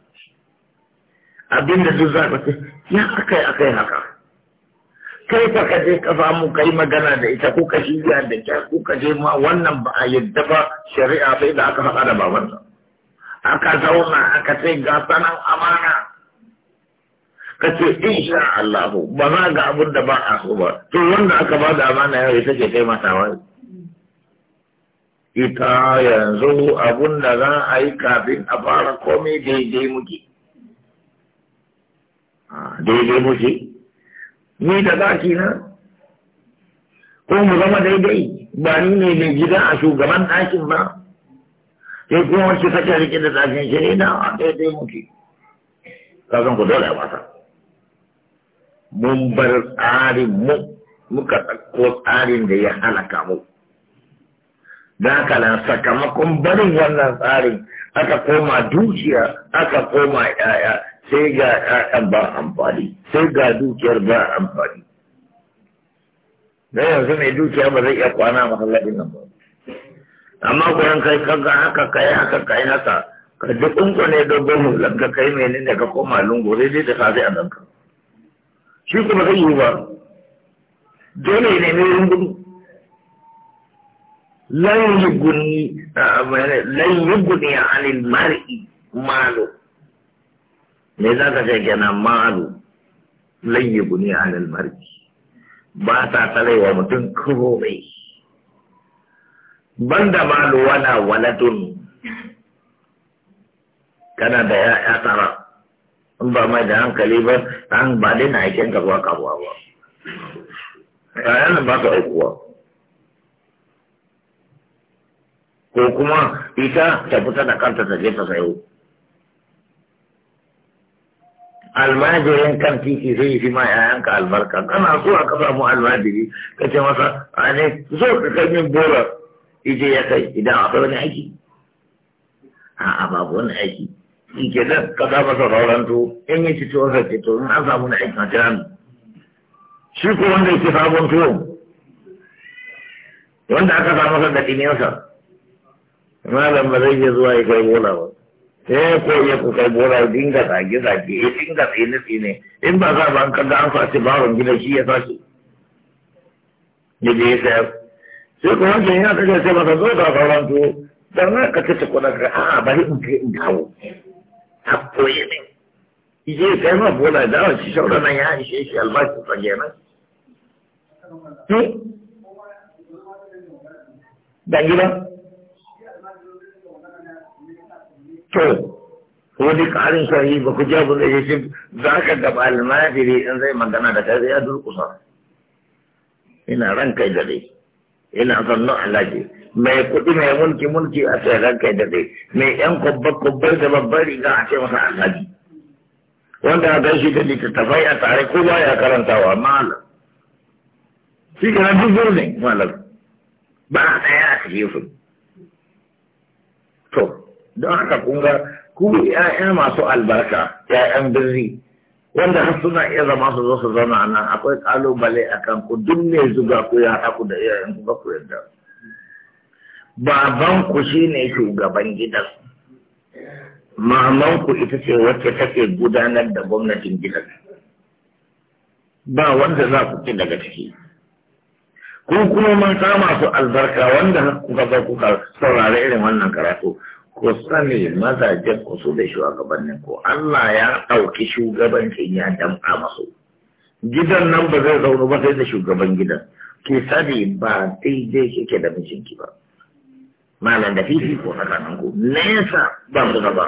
abinda duk za ka ce ya akai akai haka kai fa ka je kafa mu kai magana da ita ko ka shirya da kyau? ko ka je ma wannan ba a yadda ba shari'a sai da aka faɗa da babansa aka zauna aka ce ga sanan amana ka ce insha Allah ba za ga abin da ba a so ba to wanda aka ba da amana yau ita ce kai mata ita yanzu abun da za a yi kafin a fara komai daidai muke daidai muke ni da zaki na ko mu zama daidai ba ni ne mai gida a shugaban ɗakin ba sai kuma wacce kake rike da zafin shi ina a daidai muke kasan ku dole a wasa mun bar tsarin mu muka ɗauko tsarin da ya halaka mu da haka sakamakon barin wannan tsarin aka koma dukiya aka koma yaya sai ga yayan ba amfani sai ga dukiyar ba amfani dan yanzu mai dukiya ba zai iya kwana masallacin nan ba amma kuran kai kaga haka kai haka kai haka ka duk unko ne da gomu lanka kai mai ne ka koma lungu sai dai da safe a nan ka shi kuma zai yi ba dole ne mai lungu lan yuguni lan yuguni anil mar'i malu me za ka ce gana malu lan yuguni anil mar'i ba ta tsarewa mutum komai banda malu wala waladun kana da ya tara in ba mai da hankali ba an ba dai na aikin ruwa kabuwa ba ƴaƴan ba ta aikuwa ko kuma ita ta fita da kanta ta je ta sayo almajirin kan titi zai fi ma yayanka albarka kana so a kasa mu almajiri ka ce masa a ne zo ka kai min bora ije ya kai idan akwai wani aiki a'a babu wani aiki in ke nan ka za masa rauranto in yi ci tuwon sarki to in an samu na aiki a tiran shi ko wanda yake sabon tuwo wanda aka samu sa daɗi ne masa malam ba zai iya zuwa ya kai bola ba sai eh, koyi ya ku kai bola ya dinga zage zage ya dinga tsine tsine in ba za ba an kaga an faci baron gida shi ya sace ya je ya sayar sai kuma wancan yana ta gaske masa zo da sauran su don na ka ce kuna ka a bari in kai in dawo ta koyi ne ije kai ma bola da wa shi shaura nan ya ishe shi albashi ta kenan to dan gida to wani karin sahi ba ku ji abin da ya ce za ka gaba almajiri in zai magana da kai zai ya durkusa ina ran kai da dai ina zannon alaji mai kuɗi mai mulki mulki a ce ranka da daɗe mai yan kubbar kubbar da babbar riga a ce masa alaji wanda a shi da littattafai a tare ko ba ya karantawa malam shi kana duk ne malam ba a ɗaya a cikin su to don haka kun ga ku 'ya'ya masu albarka 'ya'yan birni wanda har suna iya zama su zo su zama a nan akwai kalubale a kan ku duk ne zuga ku ya haɗa ku da iyayen ku ba ku yadda baban ku ne shugaban gidan maman ku ita ce wacce take gudanar da gwamnatin gidan ba wanda za ku ci daga ciki ko kuma man kama su albarka wanda kuka zo kuka saurare irin wannan karatu ku sani mazajen ku su da shugabannin ku Allah ya ɗauki shugabancin ya damƙa masu gidan nan ba zai zaunu ba sai da shugaban gidan ki sani ba daidai kike da mijinki ba malam da fifi ko tsakanin ku nesa ba su ba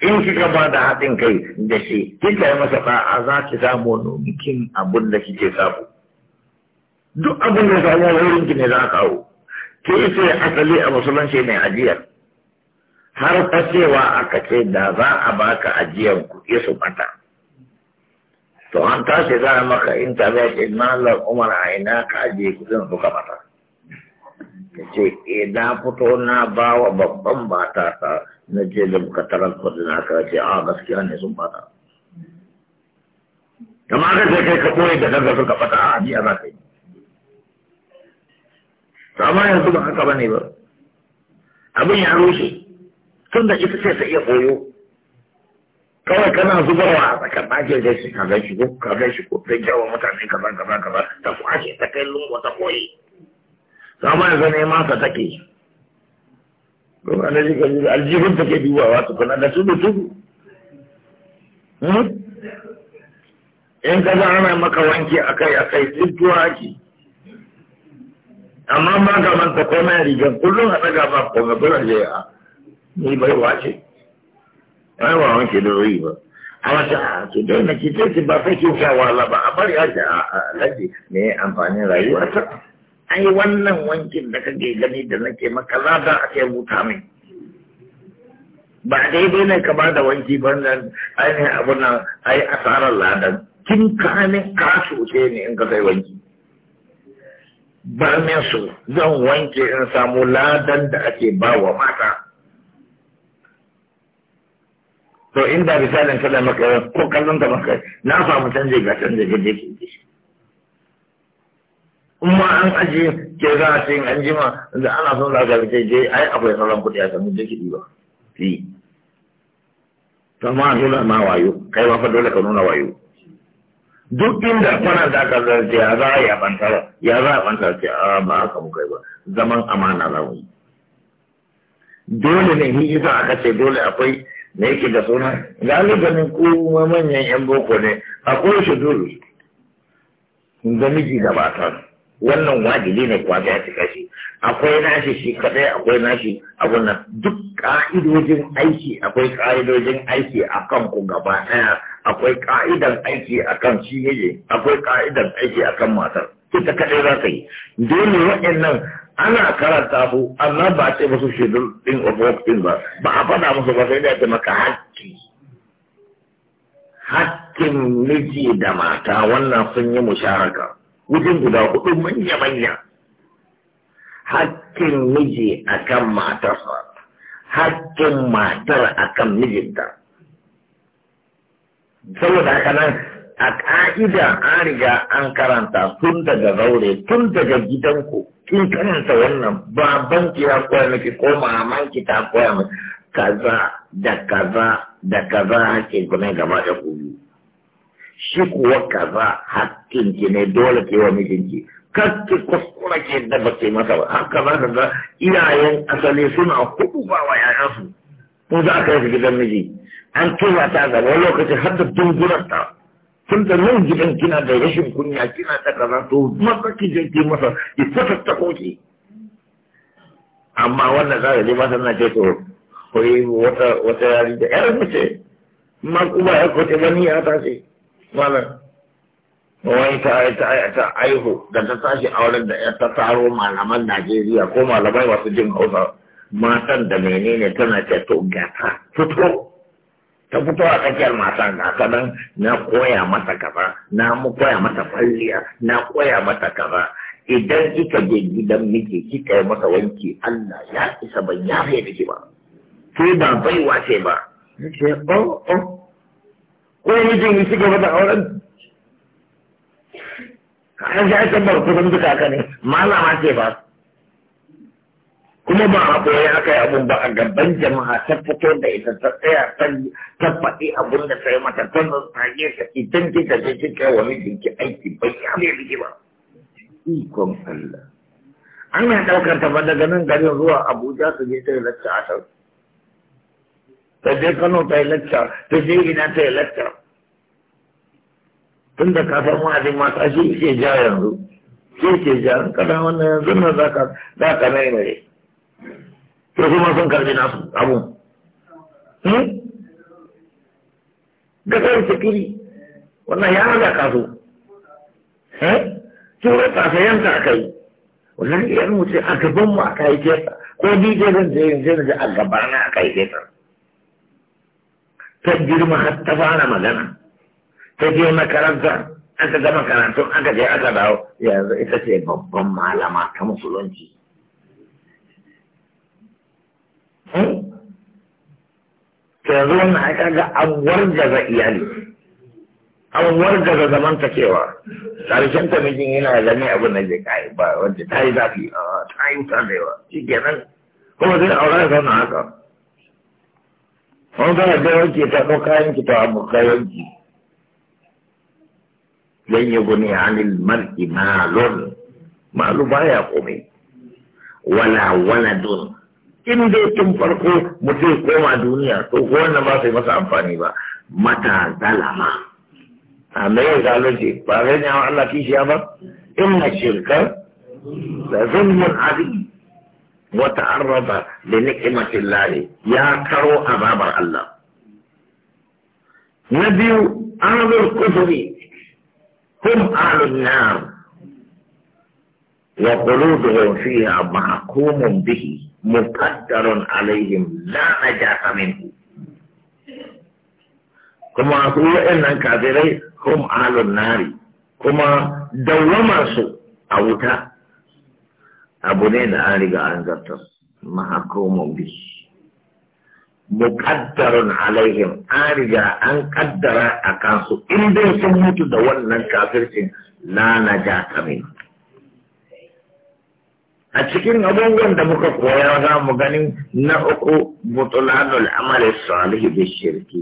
in kika ba da haɗin kai da shi kika yi masa ba'a za ki samu nukin abin da kike samu duk abin da yi wurin ki ne za ka kawo ke ce asali a musulunci mai ajiyar har ta cewa aka ce da za a baka ajiyar kuɗi su bata to an tashi za a maka intanet ina malar umar a ina ka ajiye kuɗin suka bata ya ce e na fito na ba wa babban bata ta na je da muka tarar kuɗi na ka ce a ah, gaskiya ne sun bata kama ka ce kai ka koyi da kanka suka bata ah, a ajiya za ka yi amma yanzu ba haka ba ne ba abin ya rushe tunda ita ce ta iya koyo kawai kana zubarwa a tsakar ke zai shi kaga shi ko kaga shi ko zai jawo mutane kaza kaza kaza ta kwashe ta kai lungu ta koyi mu yanzu ne masa take ruwa na ka jika aljihun take dubawa kuna da tudu tudu hmm? in ka za ana maka wanki kai akai tuwa ake amma ma ga manta komai rigar kullum a ɗaga ba ko ga bulan jaya ni baiwa ce. ai ba wanke da ba a wata to don na ke ce ba sai ke sha wala ba a bari a laji me amfanin rayuwa ta ai wannan wankin da kake gani da nake maka lada a kai buta mai ba daidai ne ka ba da wanki ban nan ainihin abu nan ai asarar ladan kin kanin ka soce ne in ka kai wanki ba min zan wanke in samu ladan da ake ba wa mata to inda misalin kada maka ko kallon ta maka na samu canje ga canje ga dake kuma an aje ke za a cikin an jima da ana son za ga ga je ai akwai sauran kuɗi a samu dake ba fi kama dole ma wayo kai ma fa dole ka nuna wayo duk inda kana da aka zarce ya za a yi abantar ya za a abantar ce a ba ka mu kai ba zaman amana za mu yi dole ne ni isa aka ce dole akwai me yake da suna ganin kuma manyan yan boko ne akwai shi duru da miji da mata wannan wajibi ne kwa ya cika shi akwai nashi shi kadai akwai nashi abun nan duk ka'idojin aiki akwai ka'idojin aiki akan ku gaba daya akwai ka'idan aiki akan shi yaje akwai ka'idan aiki akan matar ita kadai za ka yi dole waɗannan ana karanta su amma ba a ce musu shedul din of din ba ba a faɗa musu ba sai da ta maka hakki hakkin miji da mata wannan sun yi musharaka wajen guda hudu manya-manya hakkin miji akan matarsa hakkin matar akan mijinta saboda haka nan a ƙa'ida an riga an karanta tun daga zaure tun daga gidanku kin karanta wannan baban ki ya koya miki ko maman ki ta koya miki kaza da kaza da kaza hakkin ku ne gaba da ku shi kuwa kaza hakkin ki ne dole ki wa mijinki kar ki kuskura ke da ba ke masa ba haka za ka ga iyayen asali suna hudu ba wa yayansu ko za ka yi gidan miji an tura ta zama lokacin har da dungunan ta tun da nan gidan kina da rashin kunya kina ta kaza to maza ki je ki masa ki ta koki amma wannan za je masa na ce to koyi wata wata yari da yar mace ma kuma ya kote bani ya tashi malam wani ta ta ta aihu da ta tashi auren da ya ta taro malaman Najeriya ko malamai wasu jin Hausa matan da menene tana ce to gata fito ta fito a tsakiyar mata na nan na koya mata kaza na mu koya mata kwalliya na koya mata kaza idan kika je gidan miji kika yi masa wanki Allah ya isa ban yafe miki ba sai ba baiwa ce ba ce oh oh ko mijin ya ci mata da auren an ji aikin ba kusan duka ka ne malama ce ba kuma ba a ɓoye aka yi abun ba a gaban jama'a ta fito da ita ta tsaya ta faɗi abun da ta yi mata ta tsage ka idan ki ka je ki kai wani jinki aiki bai ya bai biki ba ikon Allah ana ɗaukar ta ba daga nan garin zuwa Abuja su je ta yi lacca a sau ta je Kano ta yi lacca ta je ina ta yi lacca tun da ka san wa'azin mata shi ke ja yanzu ke ke ja kada wannan yanzu na za ka za ka to ma sun karbi nasu abu ga hmm? kai kiri. wannan ya raga kaso eh kasa yanka aka yi wannan iya mutu a gaban mu aka yi kesa ko dj zan je yanzu na a gaba na aka yi kesa ta girma har ta fara magana ta je makaranta aka gama karatu aka je aka dawo yanzu ita ce babban malama ta musulunci ka yanzu wannan ai kaga an wargaza iyali an wargaza zamantakewa karshen ta mijin yana gani abin da zai kai ba wanda ta yi zafi a ta yi wuta da yawa shi kenan kuma sai aure ya zauna haka wani tana da wanki ta ɗau kayan ki ta abu kayan ki yan yi guni anil mar'i malon malu baya komai wala wala dun. in dai tun farko mutum koma duniya to ko wannan ba su yi masa amfani ba mata zalama a mai zalunci ba zai ne Allah kishiya ba in na shirkar da zulmun abin wata arraba da ni'imatin lare ya karo azabar Allah na biyu ahlul kufri hum alun nar wa qulubuhum a mahkumun bihi muqaddarun alaihim la najata minhu kuma su wa'annan kafirai hum ahlun nari kuma dawwama su a wuta abu ne da an riga an zartar mahakomo bi muqaddarun alaihim an riga an kaddara a kansu in dai sun mutu da wannan kafircin la najata minhu a cikin abubuwan da muka koya za mu ganin na uku butulanul amali Salihu bi shirki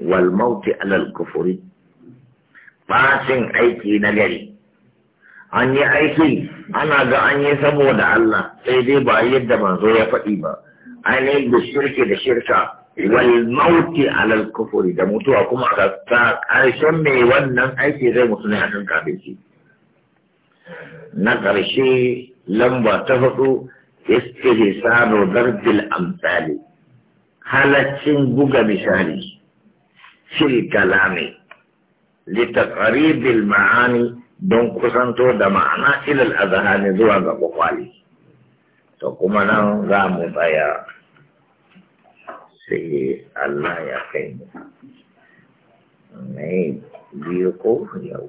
wal mauti alal kufuri bacin aiki na gari an yi aiki ana ga an yi saboda Allah sai dai ba yadda manzo ya faɗi ba ainihin da shirki da shirka wal mauti alal kufuri da mutuwa kuma ta ƙarshen mai wannan aiki zai mutu ne a kan na ƙarshe lamba ta hudu istihsanu darbil amsali halaccin buga misali fil kalami لتقريب ma'ani don kusanto da ma'ana ilal azhani zuwa ga kwakwali to kuma nan za mu tsaya sai Allah ya kai mu mai biyu ko yau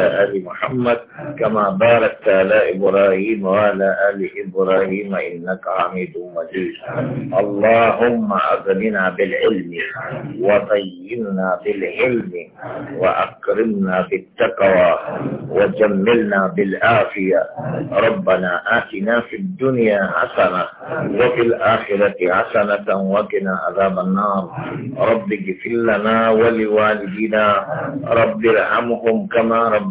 آل محمد كما باركت على إبراهيم وعلى آل إبراهيم إنك حميد مجيد اللهم أغننا بالعلم وطينا بالعلم وأكرمنا بالتقوى وجملنا بالعافية ربنا آتنا في الدنيا حسنة وفي الآخرة حسنة وقنا عذاب النار رب اغفر لنا ولوالدنا رب ارحمهم كما رب